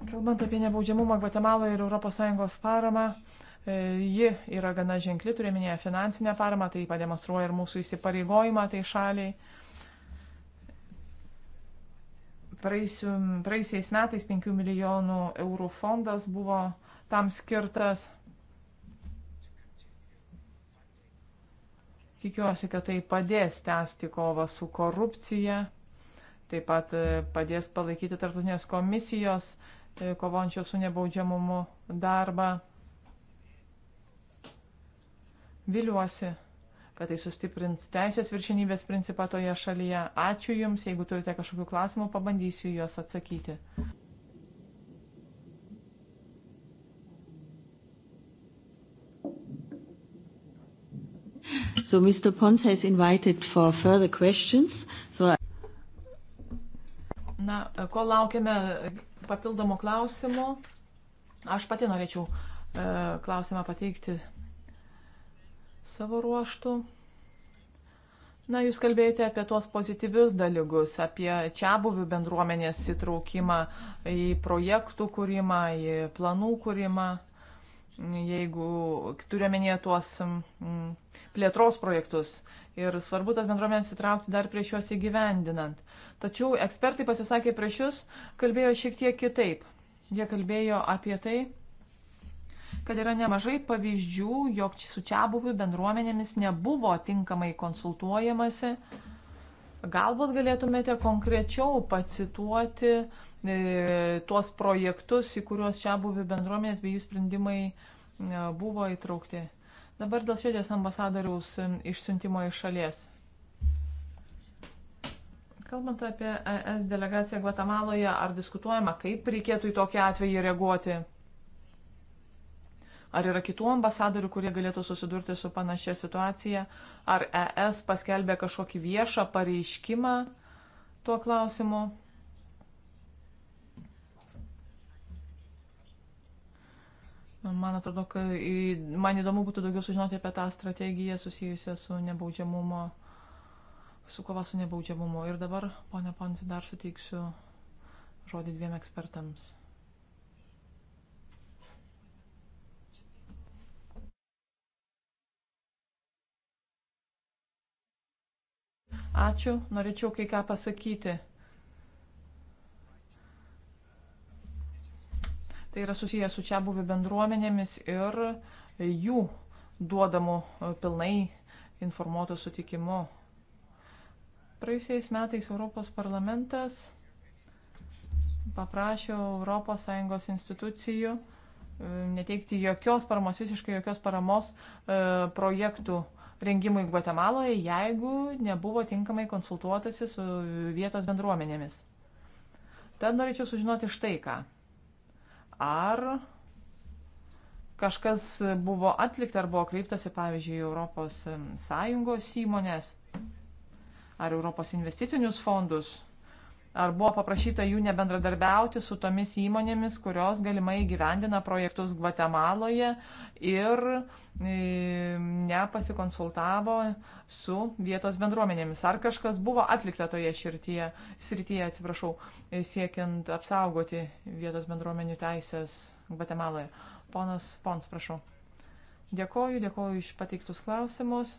Kalbant apie nebaudžiamumą Gvatemaloje ir ES paramą, e, ji yra gana ženkli, turėminėje finansinę paramą, tai pademonstruoja ir mūsų įsipareigojimą tai šaliai. Praeisiu, praeisiais metais 5 milijonų eurų fondas buvo tam skirtas. Tikiuosi, kad tai padės tęsti kovą su korupcija, taip pat e, padės palaikyti tarptautinės komisijos E, kovojančio su nebaudžiamumu darbą. Viliuosi, kad tai sustiprins teisės viršinybės principą toje šalyje. Ačiū Jums, jeigu turite kažkokių klausimų, pabandysiu juos atsakyti. So Mr. Pons has invited for further questions. So I... Na, ko laukiame papildomų klausimų? Aš pati norėčiau e, klausimą pateikti savo ruoštų. Na, jūs kalbėjote apie tuos pozityvius dalykus, apie čia buvių bendruomenės įtraukimą į projektų kūrimą, į planų kūrimą jeigu turiuomenėje tuos mm, plėtros projektus ir svarbu tas bendruomenės įtraukti dar prieš juos įgyvendinant. Tačiau ekspertai pasisakė prieš jūs, kalbėjo šiek tiek kitaip. Jie kalbėjo apie tai, kad yra nemažai pavyzdžių, jog su čia buvių bendruomenėmis nebuvo tinkamai konsultuojamasi. Galbūt galėtumėte konkrečiau pacituoti e, tuos projektus, į kuriuos čia buvių bendruomenės bei jų sprendimai E, buvo įtraukti. Dabar dėl švedijos ambasadoriaus e, išsiuntimo iš šalies. Kalbant apie ES delegaciją Gvatemaloje, ar diskutuojama, kaip reikėtų į tokį atvejį reaguoti? Ar yra kitų ambasadorių, kurie galėtų susidurti su panašia situacija? Ar ES paskelbė kažkokį viešą pareiškimą tuo klausimu? Man atrodo, kad man įdomu būtų daugiau sužinoti apie tą strategiją susijusią su nebaudžiamumo, su kova su nebaudžiamumu. Ir dabar, ponia Ponsi, dar suteiksiu žodį dviem ekspertams. Ačiū, norėčiau kai ką pasakyti. Tai yra susijęs su čia buvių bendruomenėmis ir jų duodamu e, pilnai informuotų sutikimu. Praėjusiais metais Europos parlamentas paprašė ES institucijų e, neteikti jokios paramos, visiškai jokios paramos e, projektų rengimui Gvatemaloje, jeigu nebuvo tinkamai konsultuotasi su vietos bendruomenėmis. Tad norėčiau sužinoti štai ką ar kažkas buvo atlikta ar buvo kreiptasi, pavyzdžiui, Europos Sąjungos įmonės ar Europos investicinius fondus. Ar buvo paprašyta jų nebendradarbiauti su tomis įmonėmis, kurios galimai gyvendina projektus Gvatemaloje ir e, nepasikonsultavo su vietos bendruomenėmis? Ar kažkas buvo atlikta toje širtyje, srityje, atsiprašau, e, siekiant apsaugoti vietos bendruomenių teisės Gvatemaloje? Ponas Pons, prašau. Dėkoju, dėkoju iš pateiktus klausimus.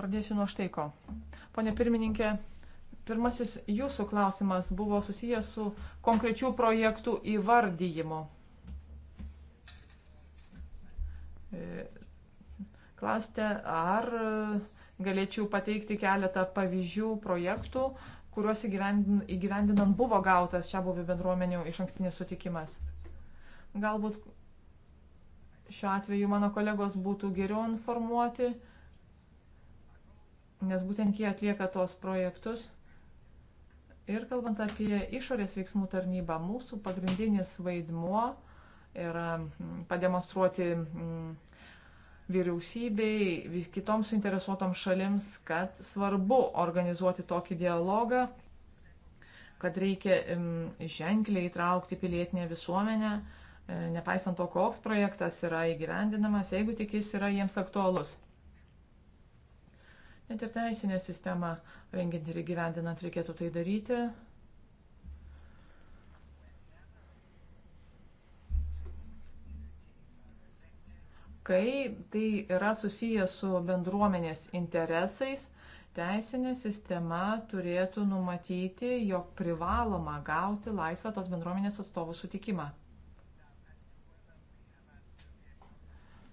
Pradėsiu nuo štai ko. Pone pirmininkė, pirmasis jūsų klausimas buvo susijęs su konkrečių projektų įvardyjimu. E, Klausite, ar galėčiau pateikti keletą pavyzdžių projektų, kuriuos įgyvendinant buvo gautas čia buvę bendruomenių iš ankstinis sutikimas. Galbūt šiuo atveju mano kolegos būtų geriau informuoti nes būtent jie atlieka tos projektus. Ir kalbant apie išorės veiksmų tarnybą, mūsų pagrindinis vaidmuo yra mm, pademonstruoti mm, vyriausybei, kitoms suinteresuotoms šalims, kad svarbu organizuoti tokį dialogą, kad reikia mm, ženkliai įtraukti pilietinę visuomenę, e, nepaisant to, koks projektas yra įgyvendinamas, jeigu tik jis yra jiems aktualus. Net ir teisinę sistemą rengiant ir įgyvendinant reikėtų tai daryti. Kai tai yra susijęs su bendruomenės interesais, teisinė sistema turėtų numatyti, jog privaloma gauti laisvą tos bendruomenės atstovų sutikimą.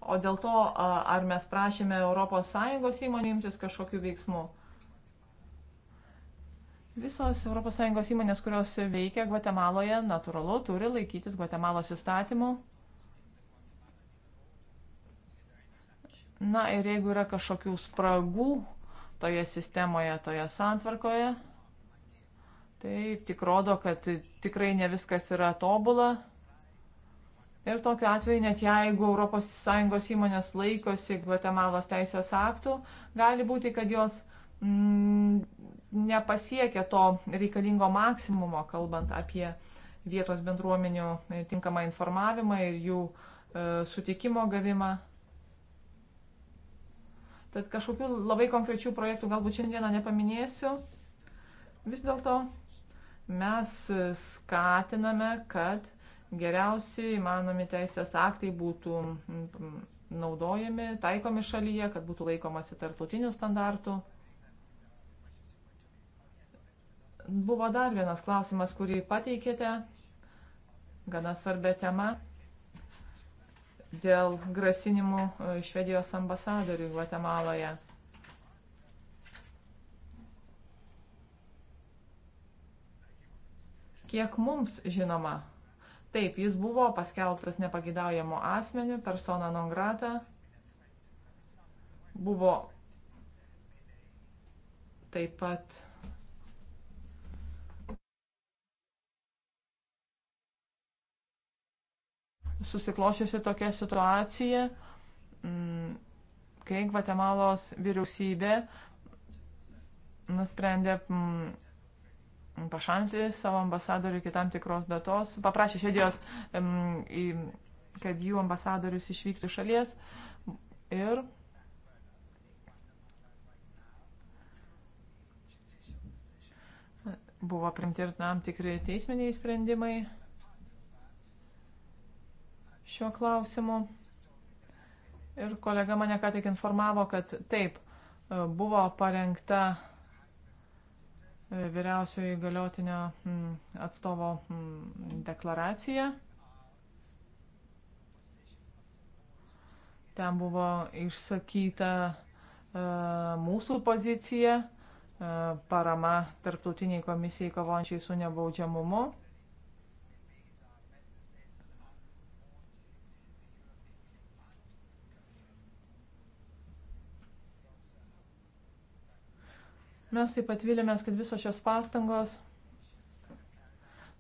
O dėl to, ar mes prašėme ES įmonių imtis kažkokių veiksmų. Visos ES įmonės, kurios veikia Gvatemaloje, natūralu, turi laikytis Gvatemalos įstatymų. Na ir jeigu yra kažkokių spragų toje sistemoje, toje santvarkoje, tai tik rodo, kad tikrai ne viskas yra tobula. Ir tokiu atveju, net jeigu ES įmonės laikosi Gvatemalos teisės aktų, gali būti, kad jos mm, nepasiekia to reikalingo maksimumo, kalbant apie vietos bendruomenių e, tinkamą informavimą ir jų e, sutikimo gavimą. Tad kažkokių labai konkrečių projektų galbūt šiandieną nepaminėsiu. Vis dėlto mes e, skatiname, kad geriausi įmanomi teisės aktai būtų naudojami, taikomi šalyje, kad būtų laikomasi tarptautinių standartų. Buvo dar vienas klausimas, kurį pateikėte, gana svarbia tema, dėl grasinimų e, Švedijos ambasadoriui Gvatemaloje. Kiek mums žinoma, Taip, jis buvo paskelbtas nepagidaujamo asmeniu, persona non grata. Buvo taip pat. Susiklošiusi tokia situacija, mm, kai Gvatemalos vyriausybė nusprendė mm, pašalinti savo ambasadorių iki tam tikros datos, paprašė Švedijos, kad jų ambasadorius išvyktų šalies ir buvo primti ir tam tikri teisminiai sprendimai šiuo klausimu. Ir kolega mane ką tik informavo, kad taip, buvo parengta E, vyriausiojo įgaliotinio atstovo deklaraciją. Ten buvo išsakyta e, mūsų pozicija, e, parama tarptautiniai komisijai kovojančiai su nebaudžiamumu. Mes taip pat vilėmės, kad visos šios pastangos,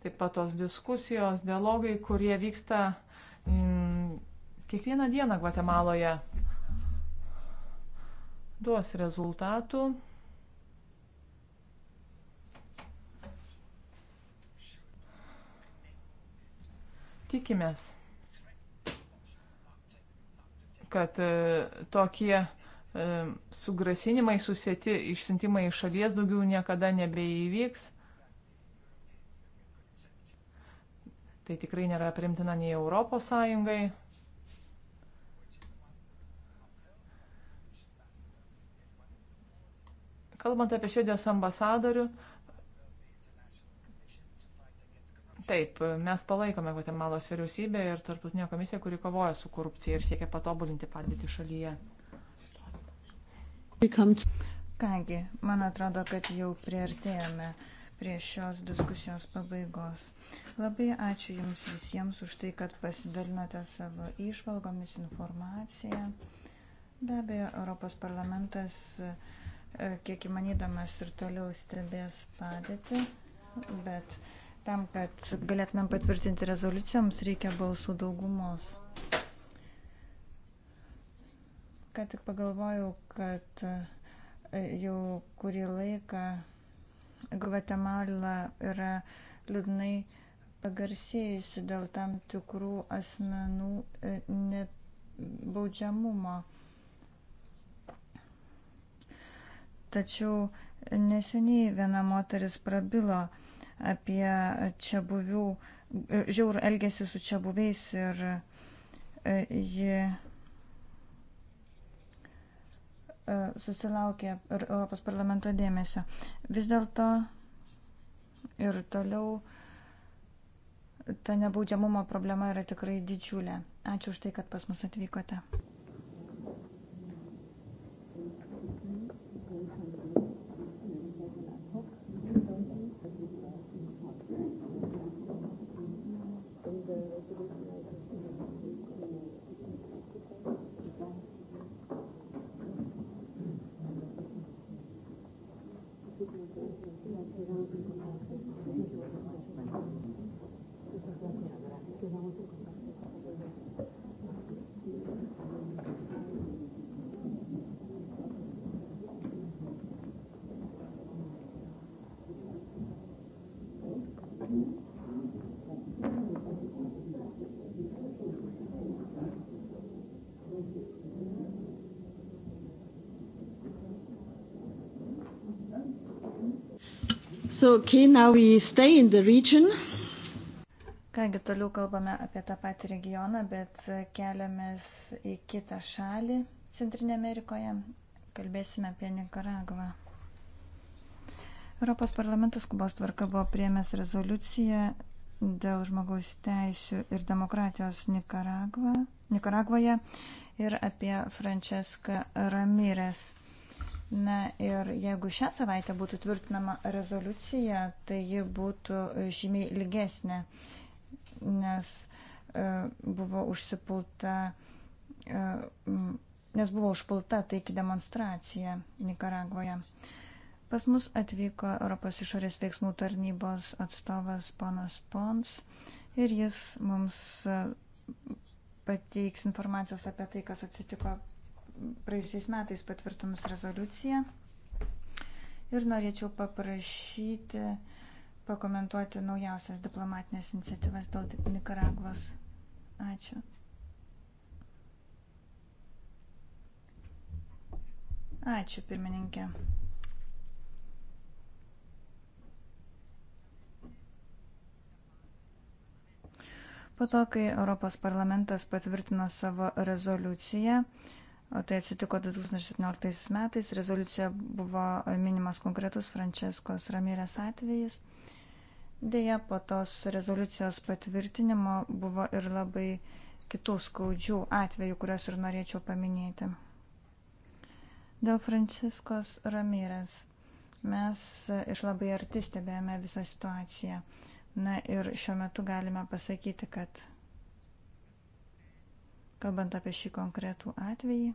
taip pat tos diskusijos, dialogai, kurie vyksta mm, kiekvieną dieną Gvatemaloje, duos rezultatų. Tikimės, kad e, tokie E, su grasinimai susėti išsintimai iš šalies daugiau niekada nebeįvyks. Tai tikrai nėra primtina nei Europos Sąjungai. Kalbant apie švedijos ambasadorių, Taip, mes palaikome Gvatemalos vyriausybę ir tarptautinę komisiją, kuri kovoja su korupcija ir siekia patobulinti padėtį šalyje. Kągi, man atrodo, kad jau priartėjome prie šios diskusijos pabaigos. Labai ačiū Jums visiems už tai, kad pasidalinote savo išvalgomis informaciją. Be abejo, Europos parlamentas, e, kiek įmanydamas, ir toliau stebės padėti, bet tam, kad galėtumėm patvirtinti rezoliucijoms, reikia balsų daugumos ką tik pagalvojau, kad e, jau kurį laiką Gvatemala yra liūdnai pagarsėjusi dėl tam tikrų asmenų e, baudžiamumo. Tačiau neseniai viena moteris prabilo apie čia buvių, e, žiaur elgesi su čia buviais ir ji E, susilaukė ir Europos parlamento dėmesio. Vis dėlto ir toliau ta nebaudžiamumo problema yra tikrai didžiulė. Ačiū už tai, kad pas mus atvykote. So, okay, now we stay in the region. Kągi toliau kalbame apie tą patį regioną, bet keliamės į kitą šalį Centrinė Amerikoje. Kalbėsime apie Nikaragvą. Europos parlamentas Kubos tvarka buvo priemęs rezoliuciją dėl žmogaus teisų ir demokratijos Nikaragva, Nikaragvoje ir apie Franceską Ramires. Na ir jeigu šią savaitę būtų tvirtinama rezoliucija, tai ji būtų žymiai ilgesnė, nes e, buvo užsipulta, e, nes buvo užpulta taiki demonstracija Nikaragvoje. Pas mus atvyko Europos išorės veiksmų tarnybos atstovas ponas Pons ir jis mums e, pateiks informacijos apie tai, kas atsitiko praėjusiais metais patvirtinus rezoliuciją. Ir norėčiau paprašyti pakomentuoti naujausias diplomatinės iniciatyvas dėl Nikaragvos. Ačiū. Ačiū, pirmininkė. Po to, kai Europos parlamentas patvirtino savo rezoliuciją, O tai atsitiko 2017 metais. Rezoliucija buvo minimas konkretus Franceskos Ramirės atvejis. Deja, po tos rezoliucijos patvirtinimo buvo ir labai kitų skaudžių atvejų, kuriuos ir norėčiau paminėti. Dėl Franciskos Ramirės mes iš labai arti stebėjome visą situaciją. Na ir šiuo metu galime pasakyti, kad kalbant apie šį konkretų atvejį.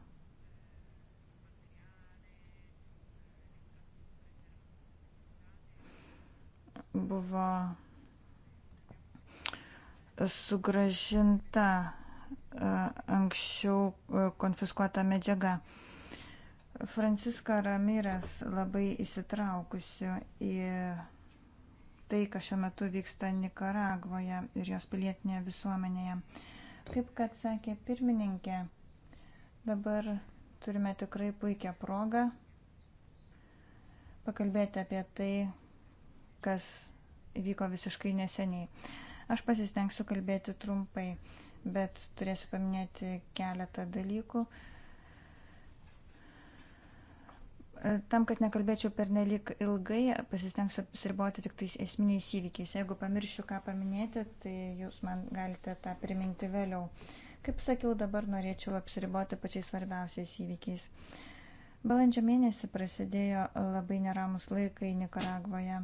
Buvo sugražinta e, anksčiau e, konfiskuota medžiaga. Franciska Ramirės labai įsitraukusi į tai, kas šiuo metu vyksta Nikaragvoje ir jos pilietinėje visuomenėje. Uh, Kaip kad sakė pirmininkė, dabar turime tikrai puikią progą pakalbėti apie tai, kas vyko visiškai neseniai. Aš pasistengsiu kalbėti trumpai, bet turėsiu paminėti keletą dalykų, Tam, kad nekalbėčiau per nelik ilgai, pasistengsiu apsiriboti tik tais esminiais įvykiais. Jeigu pamiršiu ką paminėti, tai jūs man galite tą priminti vėliau. Kaip sakiau, dabar norėčiau apsiriboti pačiais svarbiausiais įvykiais. Balandžio mėnesį prasidėjo labai neramus laikai Nikaragvoje.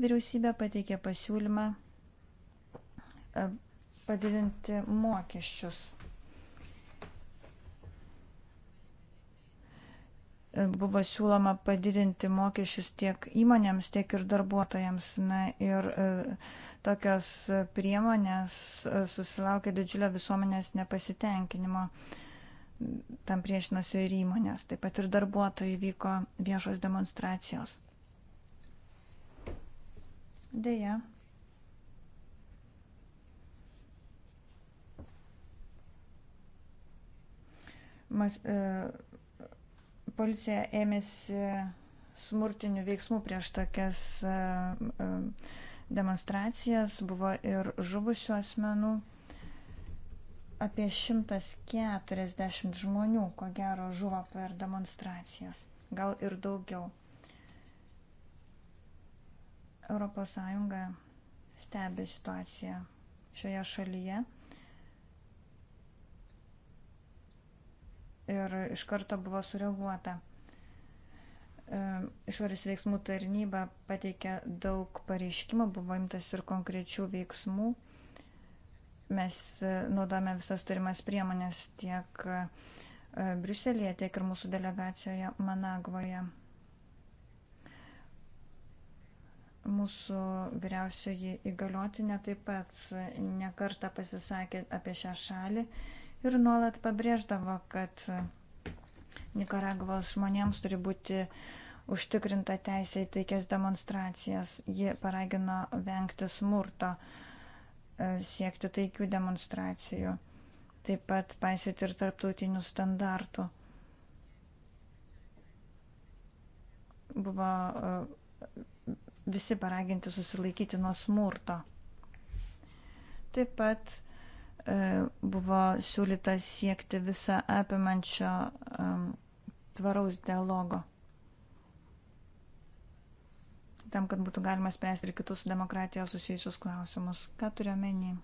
Vyriausybė pateikė pasiūlymą e, padidinti mokesčius buvo siūloma padidinti mokesčius tiek įmonėms, tiek ir darbuotojams. Na ir e, tokios priemonės e, susilaukė didžiulio visuomenės nepasitenkinimo. Tam priešinosi ir įmonės, taip pat ir darbuotojai vyko viešos demonstracijos. Deja. Mas, e, policija ėmėsi smurtinių veiksmų prieš tokias e, e, demonstracijas, buvo ir žuvusių asmenų, apie 140 žmonių, ko gero, žuvo per demonstracijas, gal ir daugiau. ES stebi situaciją šioje šalyje. ir iš karto buvo sureaguota. E, išorės veiksmų tarnyba pateikė daug pareiškimų, buvo imtas ir konkrečių veiksmų. Mes e, naudojame visas turimas priemonės tiek e, Briuselėje, tiek ir mūsų delegacijoje Managvoje. Mūsų vyriausioji įgaliotinė taip pat nekarta pasisakė apie šią šalį ir nuolat pabrėždavo, kad Nikaragvos žmonėms turi būti užtikrinta teisė į taikias demonstracijas. Ji paragino vengti smurto, e, siekti taikių demonstracijų, taip pat paisyti ir tarptautinių standartų. Buvo e, visi paraginti susilaikyti nuo smurto. Taip pat E, buvo siūlyta siekti visą apimančio tvaraus dialogo. Tam, kad būtų galima spręsti ir kitus su demokratija susijusius klausimus. Ką turiu omeny?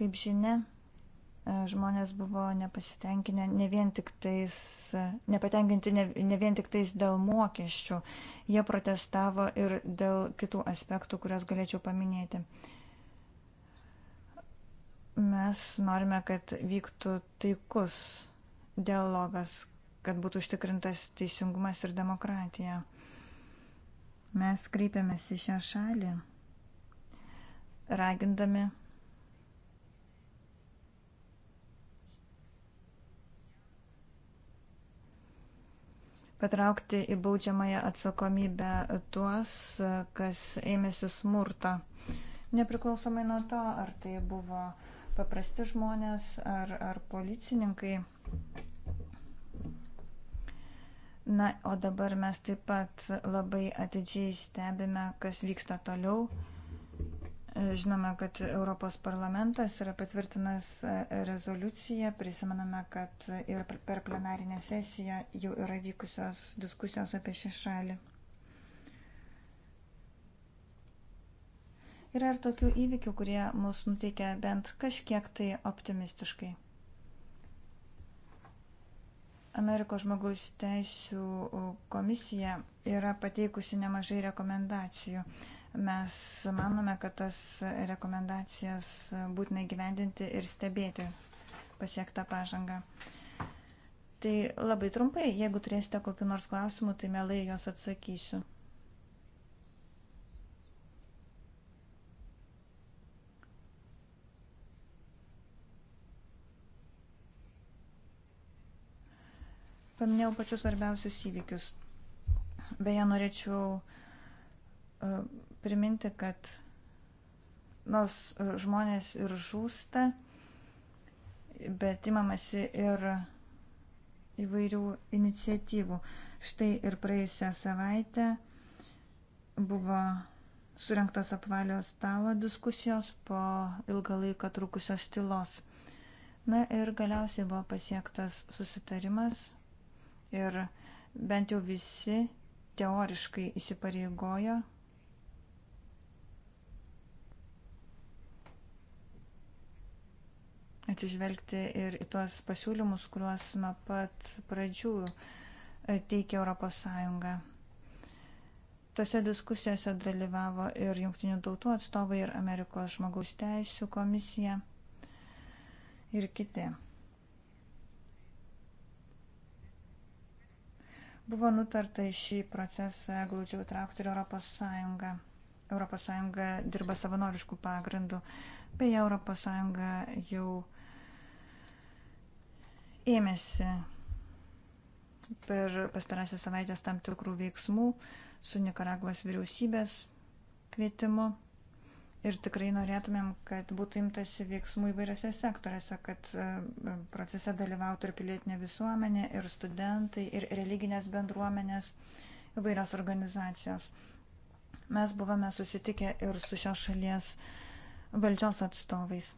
Kaip žinia, E, žmonės buvo nepasitenkinę ne vien tik tais, e, nepatenkinti ne, ne vien tik tais dėl mokesčių, jie protestavo ir dėl kitų aspektų, kuriuos galėčiau paminėti. Mes norime, kad vyktų taikus dialogas, kad būtų užtikrintas teisingumas ir demokratija. Mes kreipiamės į šią šalį, ragindami patraukti į baudžiamąją atsakomybę tuos, kas ėmėsi smurto. Nepriklausomai nuo to, ar tai buvo paprasti žmonės ar, ar policininkai. Na, o dabar mes taip pat labai atidžiai stebime, kas vyksta toliau. Žinome, kad Europos parlamentas yra patvirtinęs e, rezoliuciją, prisimename, kad ir per plenarinę sesiją jau yra vykusios diskusijos apie šią šalį. Yra ir tokių įvykių, kurie mus nuteikia bent kažkiek tai optimistiškai. Amerikos žmogaus teisų komisija yra pateikusi nemažai rekomendacijų. Mes manome, kad tas rekomendacijas būtina įgyvendinti ir stebėti pasiektą pažangą. Tai labai trumpai, jeigu turėsite kokiu nors klausimu, tai mielai juos atsakysiu. paminėjau pačius svarbiausius įvykius. Beje, norėčiau priminti, kad nors žmonės ir žūsta, bet imamasi ir įvairių iniciatyvų. Štai ir praėjusią savaitę buvo surinktos apvalio stalo diskusijos po ilgą laiką trukusios tylos. Na ir galiausiai buvo pasiektas susitarimas ir bent jau visi teoriškai įsipareigojo atsižvelgti ir į tuos pasiūlymus, kuriuos nuo pat pradžių e, teikia Europos Sąjunga. Tose diskusijose dalyvavo ir Junktinių tautų atstovai, ir Amerikos žmogaus teisų komisija, ir kiti. Buvo nutarta į šį procesą glaudžiau traukti ir Europos Sąjungą. Europos Sąjunga dirba savanoriškų pagrindų, beje, Europos Sąjunga jau ėmėsi per pastarąsias savaitės tam tikrų veiksmų su Nikaragvas vyriausybės kvietimu. Ir tikrai norėtumėm, kad būtų imtasi veiksmų įvairiose sektoriuose, kad e, procese dalyvautų ir pilietinė visuomenė, ir studentai, ir religinės bendruomenės, įvairios organizacijos. Mes buvome susitikę ir su šios šalies valdžios atstovais.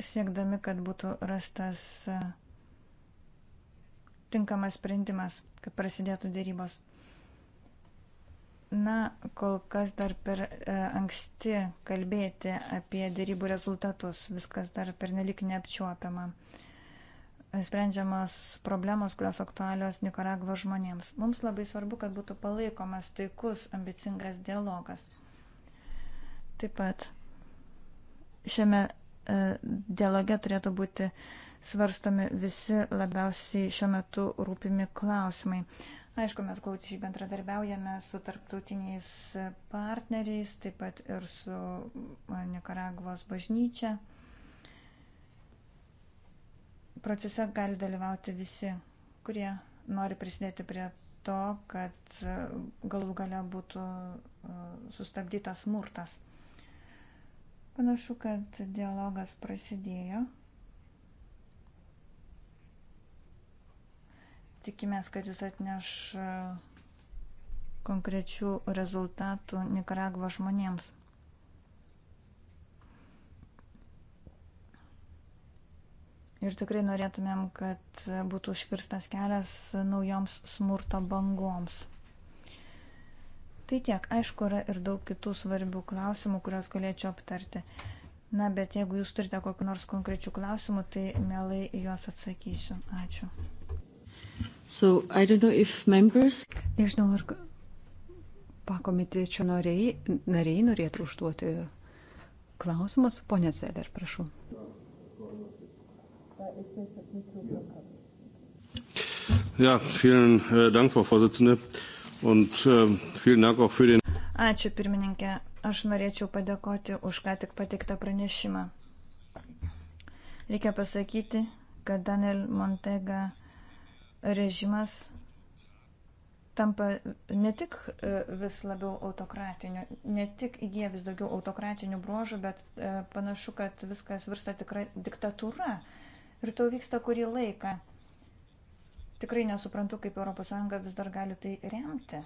siekdami, kad būtų rastas e, tinkamas sprendimas, kad prasidėtų dėrybos. Na, kol kas dar per e, anksti kalbėti apie dėrybų rezultatus, viskas dar per nelik neapčiuopiama. Sprendžiamas problemos, kurios aktualios Nikaragvo žmonėms. Mums labai svarbu, kad būtų palaikomas taikus, ambicingas dialogas. Taip pat šiame E, dialoge turėtų būti svarstomi visi labiausiai šiuo metu rūpimi klausimai. Aišku, mes glaudžiai bendradarbiaujame su tarptautiniais partneriais, taip pat ir su e, Nikaragvos bažnyčia. Procese gali dalyvauti visi, kurie nori prisidėti prie to, kad e, galų gale būtų sustabdytas smurtas. Panašu, kad dialogas prasidėjo. Tikimės, kad jis atneš e, konkrečių rezultatų Nikaragvo žmonėms. Ir tikrai norėtumėm, kad būtų užkirstas kelias naujoms smurto bangoms. Tai tiek, aišku, yra ir daug kitų svarbių klausimų, kuriuos galėčiau aptarti. Na, bet jeigu jūs turite kokiu nors konkrečių klausimų, tai mielai juos atsakysiu. Ačiū. So, I don't know if members. Nežinau, ar pakomitečio nariai, nariai norėtų užduoti klausimus. Pone Zeder, prašau. Ja, vielen äh, Dank, Frau Vorsitzende. Und, uh, Ačiū pirmininkė. Aš norėčiau padėkoti už ką tik patiktą pranešimą. Reikia pasakyti, kad Daniel Montega režimas tampa ne tik e, vis labiau autokratiniu, ne tik įgyja vis daugiau autokratinių bruožų, bet e, panašu, kad viskas virsta tikra diktatūra. Ir to vyksta kurį laiką. Tikrai nesuprantu, kaip ES vis dar gali tai remti.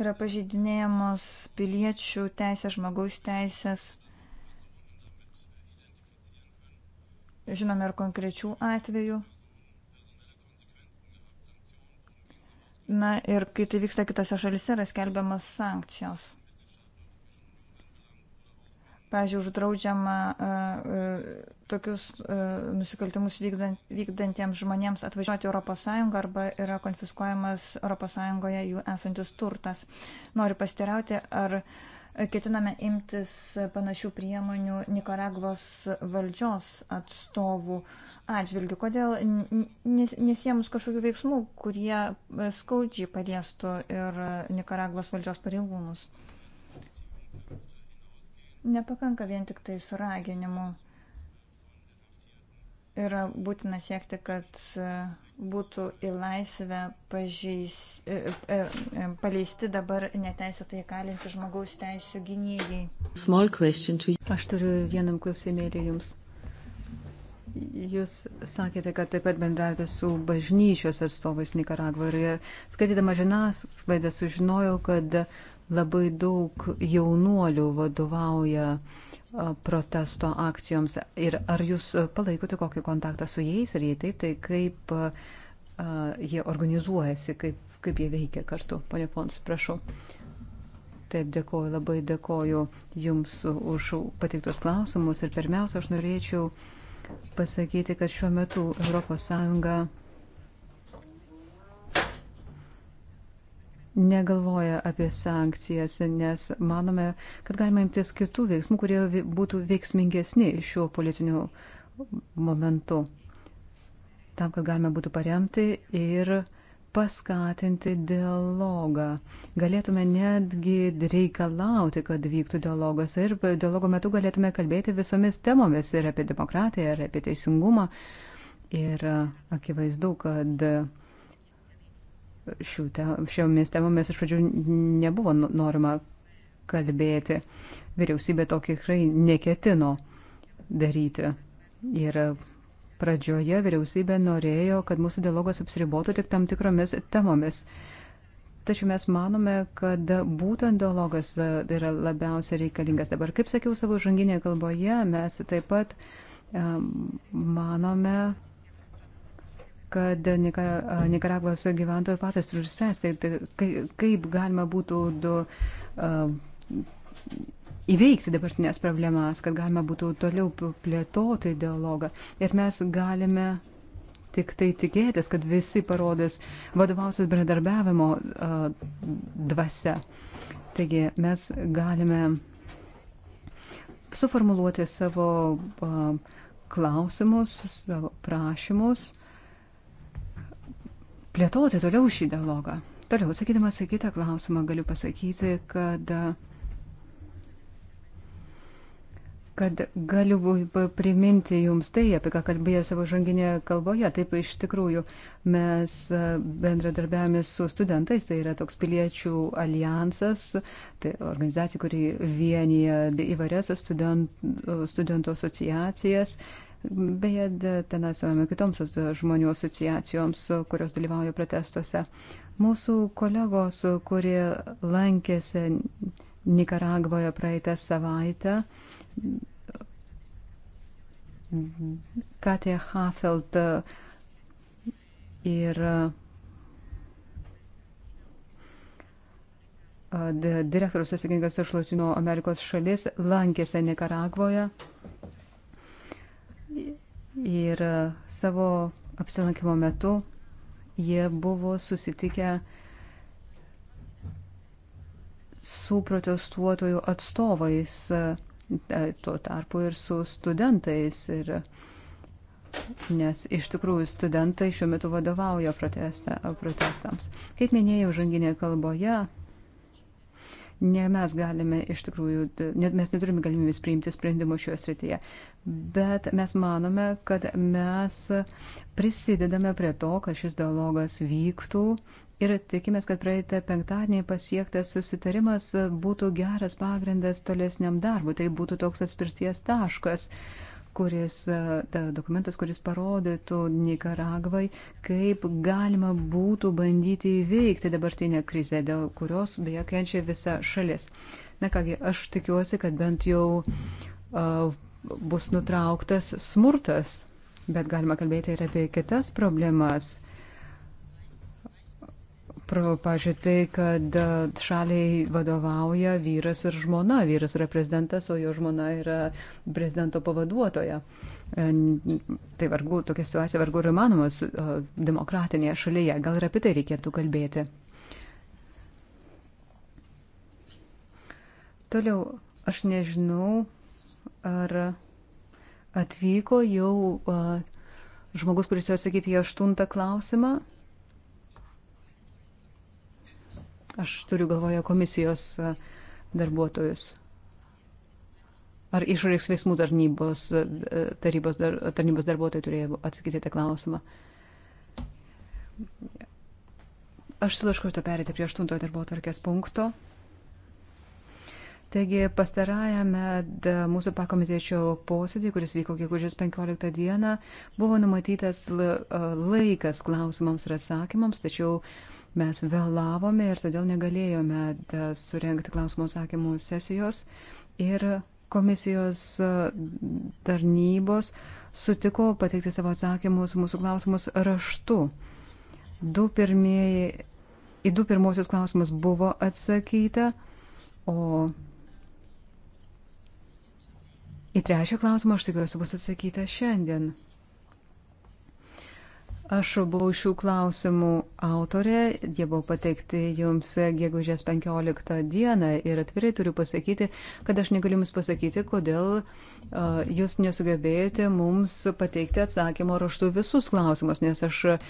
Yra pažydinėjamos piliečių teisės, žmogaus teisės. Žinome ir konkrečių atvejų. Na ir kai tai vyksta kitose šalise, yra skelbiamas sankcijos. Pavyzdžiui, uždraudžiama e, e, tokius e, nusikaltimus vykdant, vykdantiems žmonėms atvažiuoti ES arba yra konfiskuojamas ES jų esantis turtas. Noriu pastirauti, ar ketiname imtis panašių priemonių Nikaragvos valdžios atstovų atžvilgių. Kodėl nesiemus kažkokių veiksmų, kurie skaudžiai paliestų ir Nikaragvos valdžios pareigūnus? Nepakanka vien tik tai su raginimu. Yra būtina siekti, kad e, būtų į laisvę pažeis, e, e, paleisti dabar neteisėtai įkalinti žmogaus teisų gynėjai. Aš turiu vienam klausimėlį jums. Jūs sakėte, kad taip pat bendravote su bažnyčios atstovais Nikaragvoje. Skaitydama žiniasklaidą sužinojau, kad Labai daug jaunuolių vadovauja protesto akcijoms. Ir ar jūs palaikote kokį kontaktą su jais, ar jei taip, tai kaip a, jie organizuojasi, kaip, kaip jie veikia kartu? Pone Pons, prašau. Taip, dėkoju, labai dėkoju Jums už pateiktus klausimus. Ir pirmiausia, aš norėčiau pasakyti, kad šiuo metu ES negalvoja apie sankcijas, nes manome, kad galima imtis kitų veiksmų, kurie būtų veiksmingesni šiuo politiniu momentu, tam, kad galima būtų paremti ir paskatinti dialogą. Galėtume netgi reikalauti, kad vyktų dialogas ir dialogo metu galėtume kalbėti visomis temomis ir apie demokratiją, ir apie teisingumą. Ir akivaizdu, kad šiomis temomis iš pradžių nebuvo norima kalbėti. Vyriausybė tokį tikrai neketino daryti. Ir pradžioje vyriausybė norėjo, kad mūsų dialogas apsiribotų tik tam tikromis temomis. Tačiau mes manome, kad būtent dialogas e, yra labiausiai reikalingas. Dabar, kaip sakiau savo žanginėje kalboje, mes taip pat um, manome, kad Nikaragvos gyventojai patys turi spręsti, tai kaip galima būtų du, uh, įveikti dabartinės problemas, kad galima būtų toliau plėtoti dialogą. Ir mes galime tik tai tikėtis, kad visi parodys vadovausias bendradarbiavimo uh, dvasia. Taigi mes galime suformuluoti savo uh, klausimus, savo prašymus plėtoti toliau šį dialogą. Toliau, sakydamas į kitą klausimą, galiu pasakyti, kad, kad galiu priminti jums tai, apie ką kalbėjau savo žanginėje kalboje. Taip, iš tikrųjų, mes e, bendradarbiavame su studentais, tai yra toks piliečių alijansas, tai organizacija, kuri vienyje įvairias student, studentų asociacijas. Uh, Beje, ten atsavome kitoms žmonių asociacijoms, kurios dalyvauja protestuose. Mūsų kolegos, kurie lankėsi Nikaragvoje praeitą savaitę, Katė Hafeld ir direktorius atsakingas iš Latino Amerikos šalis lankėsi Nikaragvoje Ir e, savo apsilankimo metu jie buvo susitikę su protestuotojų atstovais, e, e, tuo tarpu ir su studentais. Ir, nes iš tikrųjų studentai šiuo metu vadovauja protesta, protestams. Kaip minėjau žanginėje kalboje, ne mes galime iš tikrųjų, net mes neturime galimybės priimti sprendimų šioje srityje, bet mes manome, kad mes prisidedame prie to, kad šis dialogas vyktų ir tikimės, kad praeitą penktadienį pasiektas susitarimas būtų geras pagrindas tolesniam darbui, tai būtų toks atspirties taškas. Uh, kuris, e, dokumentas, kuris parodytų Nikaragvai, kaip galima būtų bandyti įveikti dabartinę krizę, dėl kurios beje kenčia visa šalis. Na kągi, aš tikiuosi, kad bent jau uh, bus nutrauktas smurtas, bet galima kalbėti ir apie kitas problemas Pavyzdžiui, tai, kad e, šaliai vadovauja vyras ir žmona. Vyras yra prezidentas, o jo žmona yra prezidento pavaduotoja. E, tai vargu, tokia situacija vargu yra manomas e, demokratinėje šalyje. Gal ir apie tai reikėtų kalbėti. Toliau, aš nežinau, ar atvyko jau žmogus, kuris jau atsakyti į aštuntą klausimą. Aš turiu galvoje komisijos e, darbuotojus. Ar išorės veiksmų tarnybos, e, tarybos, dar, tarnybos darbuotojai turėjo atsakyti tą klausimą. Aš siūlau iš karto perėti prie aštuntojo darbo tvarkės punkto. Taigi pastarajame mūsų pakomitečio posėdį, kuris vyko gegužės 15 dieną, buvo numatytas e, laikas klausimams ir atsakymams, tačiau uh, Mes vėlavome ir todėl negalėjome e, surenkti klausimų atsakymų sesijos ir komisijos e, tarnybos sutiko pateikti savo atsakymus mūsų klausimus raštu. Du pirmieji, į du pirmosius klausimus buvo atsakyta, o į trečią klausimą aš tikiuosi bus atsakyta šiandien. Aš buvau šių klausimų autorė, jie buvo pateikti jums gegužės 15 dieną ir atvirai turiu pasakyti, kad aš negaliu jums pasakyti, kodėl uh, jūs nesugebėjote mums pateikti atsakymo raštu visus klausimus, nes aš uh,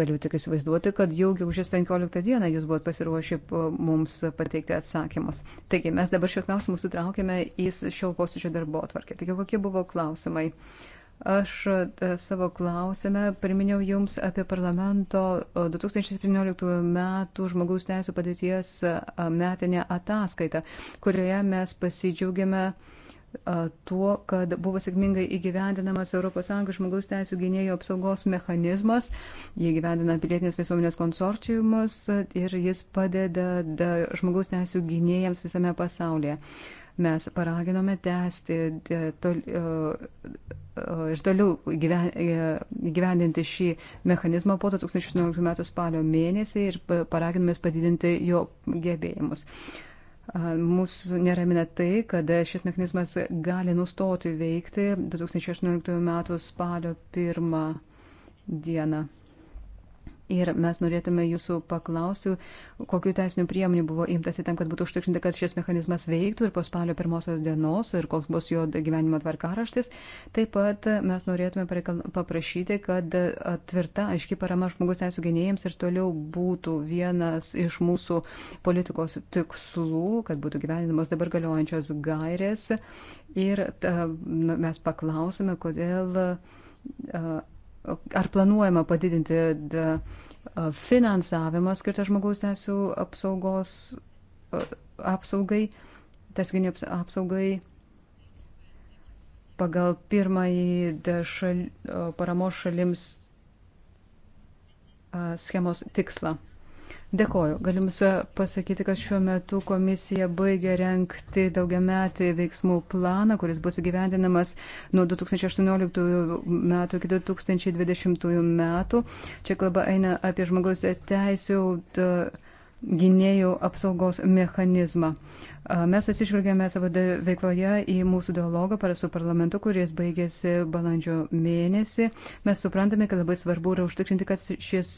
galiu tik įsivaizduoti, kad jau gegužės 15 dieną jūs buvot pasiruošę mums pateikti atsakymus. Taigi mes dabar šios klausimus sutraukėme į šio posėdžio darbo atvarkę. Taigi kokie buvo klausimai? Uh, Aš e, savo klausime priminėjau Jums apie parlamento 2017 metų žmogaus teisų padėties e, metinę ataskaitą, kurioje mes pasidžiaugiame e, tuo, kad buvo sėkmingai įgyvendinamas ES žmogaus teisų gynėjų apsaugos mechanizmas, jį gyvendina pilietinės visuomenės konsorciumus ir jis padeda žmogaus teisų gynėjams visame pasaulyje mes paraginome tęsti tol, e, e, ir toliau e, gyvendinti šį mechanizmą po 2016 m. spalio mėnesį ir paraginome padidinti jo gebėjimus. Mūsų neramina tai, kad šis mechanizmas gali nustoti veikti 2018 m. spalio 1 dieną. Ir mes norėtume jūsų paklausti, kokiu teisiniu priemoniu buvo imtasi tam, kad būtų užtikrinta, kad šis mechanizmas veiktų ir po spalio pirmosios dienos ir koks bus jo gyvenimo tvarkaraštis. Taip pat mes norėtume paprašyti, kad tvirta, aiški parama žmogus teisų gynėjams ir toliau būtų vienas iš mūsų politikos tikslų, kad būtų gyveninamos dabar galiojančios gairės. Ir ta, mes paklausime, kodėl. Uh, ar planuojama padidinti finansavimą skirtą žmogaus teisų apsaugos apsaugai, tiesioginiai apsaugai pagal pirmąjį šal, paramos šalims schemos tikslą. Dėkoju. Galiu Jums e, pasakyti, kad šiuo metu komisija baigia renkti daugiametį veiksmų planą, kuris bus įgyvendinamas nuo 2018 metų iki 2020 metų. Čia kalba eina apie žmogaus teisų. Uh, gynėjų apsaugos mechanizmą. Mes atsižvelgėme savo veikloje į mūsų dialogą su parlamentu, kuris baigėsi balandžio mėnesį. Mes suprantame, kad labai svarbu yra užtikrinti, kad šis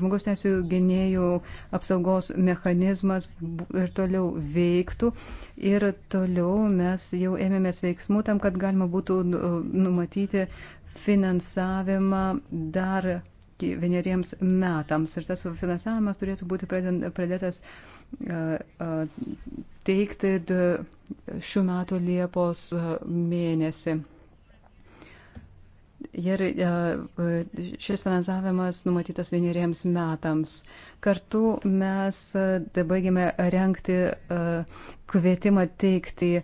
žmogaus teisų gynėjų apsaugos mechanizmas ir toliau veiktų. Ir toliau mes jau ėmėmės veiksmų tam, kad galima būtų nu, numatyti finansavimą dar vieneriems metams ir tas finansavimas turėtų būti pradėtas e, e, teikti šių metų Liepos e, mėnesį. Ir šis finansavimas numatytas vieneriems metams. Kartu mes baigėme renkti kvietimą teikti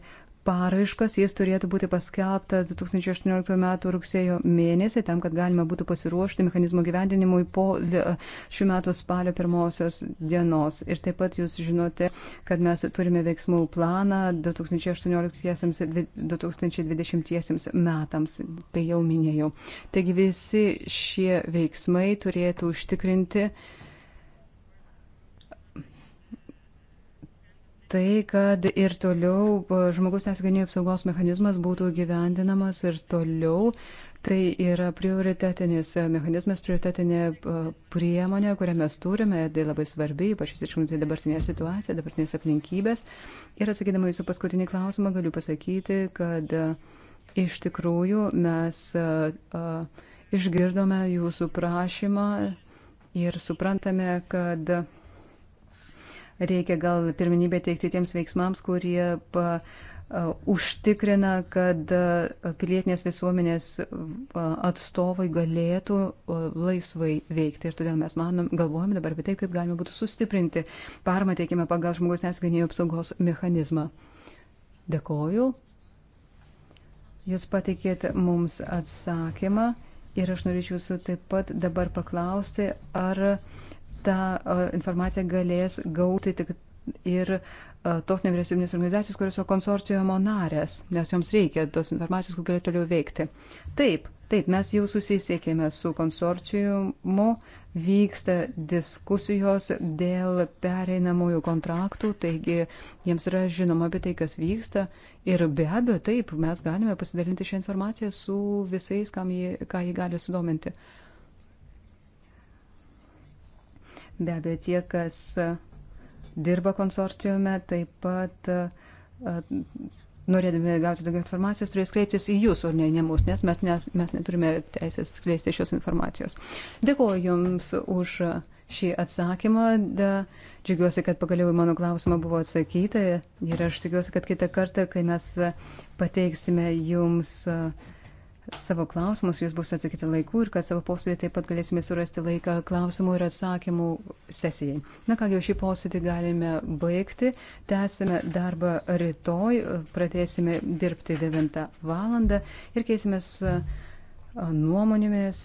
paraiškas, jis turėtų būti paskelbtas 2018 m. rugsėjo mėnesį, tam, kad galima būtų pasiruošti mechanizmo gyvendinimui po šių metų spalio pirmosios dienos. Ir taip pat jūs žinote, kad mes turime veiksmų planą 2018-2020 metams, tai jau minėjau. Taigi visi šie veiksmai turėtų užtikrinti, tai, kad ir toliau e, žmogus teisų apsaugos mechanizmas būtų gyvendinamas ir toliau. Tai yra prioritetinis e, mechanizmas, prioritetinė e, priemonė, kurią mes turime, tai labai svarbi, ypač išsiaiškinti dabartinę situaciją, dabartinės aplinkybės. Ir atsakydama jūsų paskutinį klausimą, galiu pasakyti, kad iš tikrųjų mes išgirdome jūsų prašymą ir suprantame, kad reikia gal pirminybę teikti tiems veiksmams, kurie pa, užtikrina, kad pilietinės visuomenės atstovai galėtų laisvai veikti. Ir todėl mes manom, galvojame dabar apie tai, kaip galima būtų sustiprinti parmą teikimą pagal žmogus nesugynėjų apsaugos mechanizmą. Dėkoju. Jūs pateikėte mums atsakymą ir aš norėčiau jūsų taip pat dabar paklausti, ar tą informaciją galės gauti tik ir tos nevyriausybinės organizacijos, kurios yra konsorcijomo narės, nes joms reikia tos informacijos, kur galėtų toliau veikti. Taip, taip, mes jau susisiekėme su konsorcijumu, vyksta diskusijos dėl pereinamųjų kontraktų, taigi jiems yra žinoma apie tai, kas vyksta. Ir be abejo, taip, mes galime pasidalinti šią informaciją su visais, jį, ką jį gali sudominti. Uh, Be abejo, tie, kas e, dirba konsorciume, taip pat e, e, norėdami gauti daugiau informacijos, turės kreiptis į jūs, o ne į mus, nes mes, nes mes neturime teisės skleisti šios informacijos. Dėkuoju Jums už šį atsakymą. Da, džiugiuosi, kad pagaliau į mano klausimą buvo atsakyta ir aš tikiuosi, kad kitą kartą, kai mes pateiksime Jums uh, savo klausimus, jūs bus atsakyti laiku ir kad savo posėdį taip pat galėsime surasti laiką klausimų ir atsakymų sesijai. Na ką, jau šį posėdį galime baigti, tęsime darbą rytoj, pradėsime dirbti 9 valandą ir keisime nuomonėmis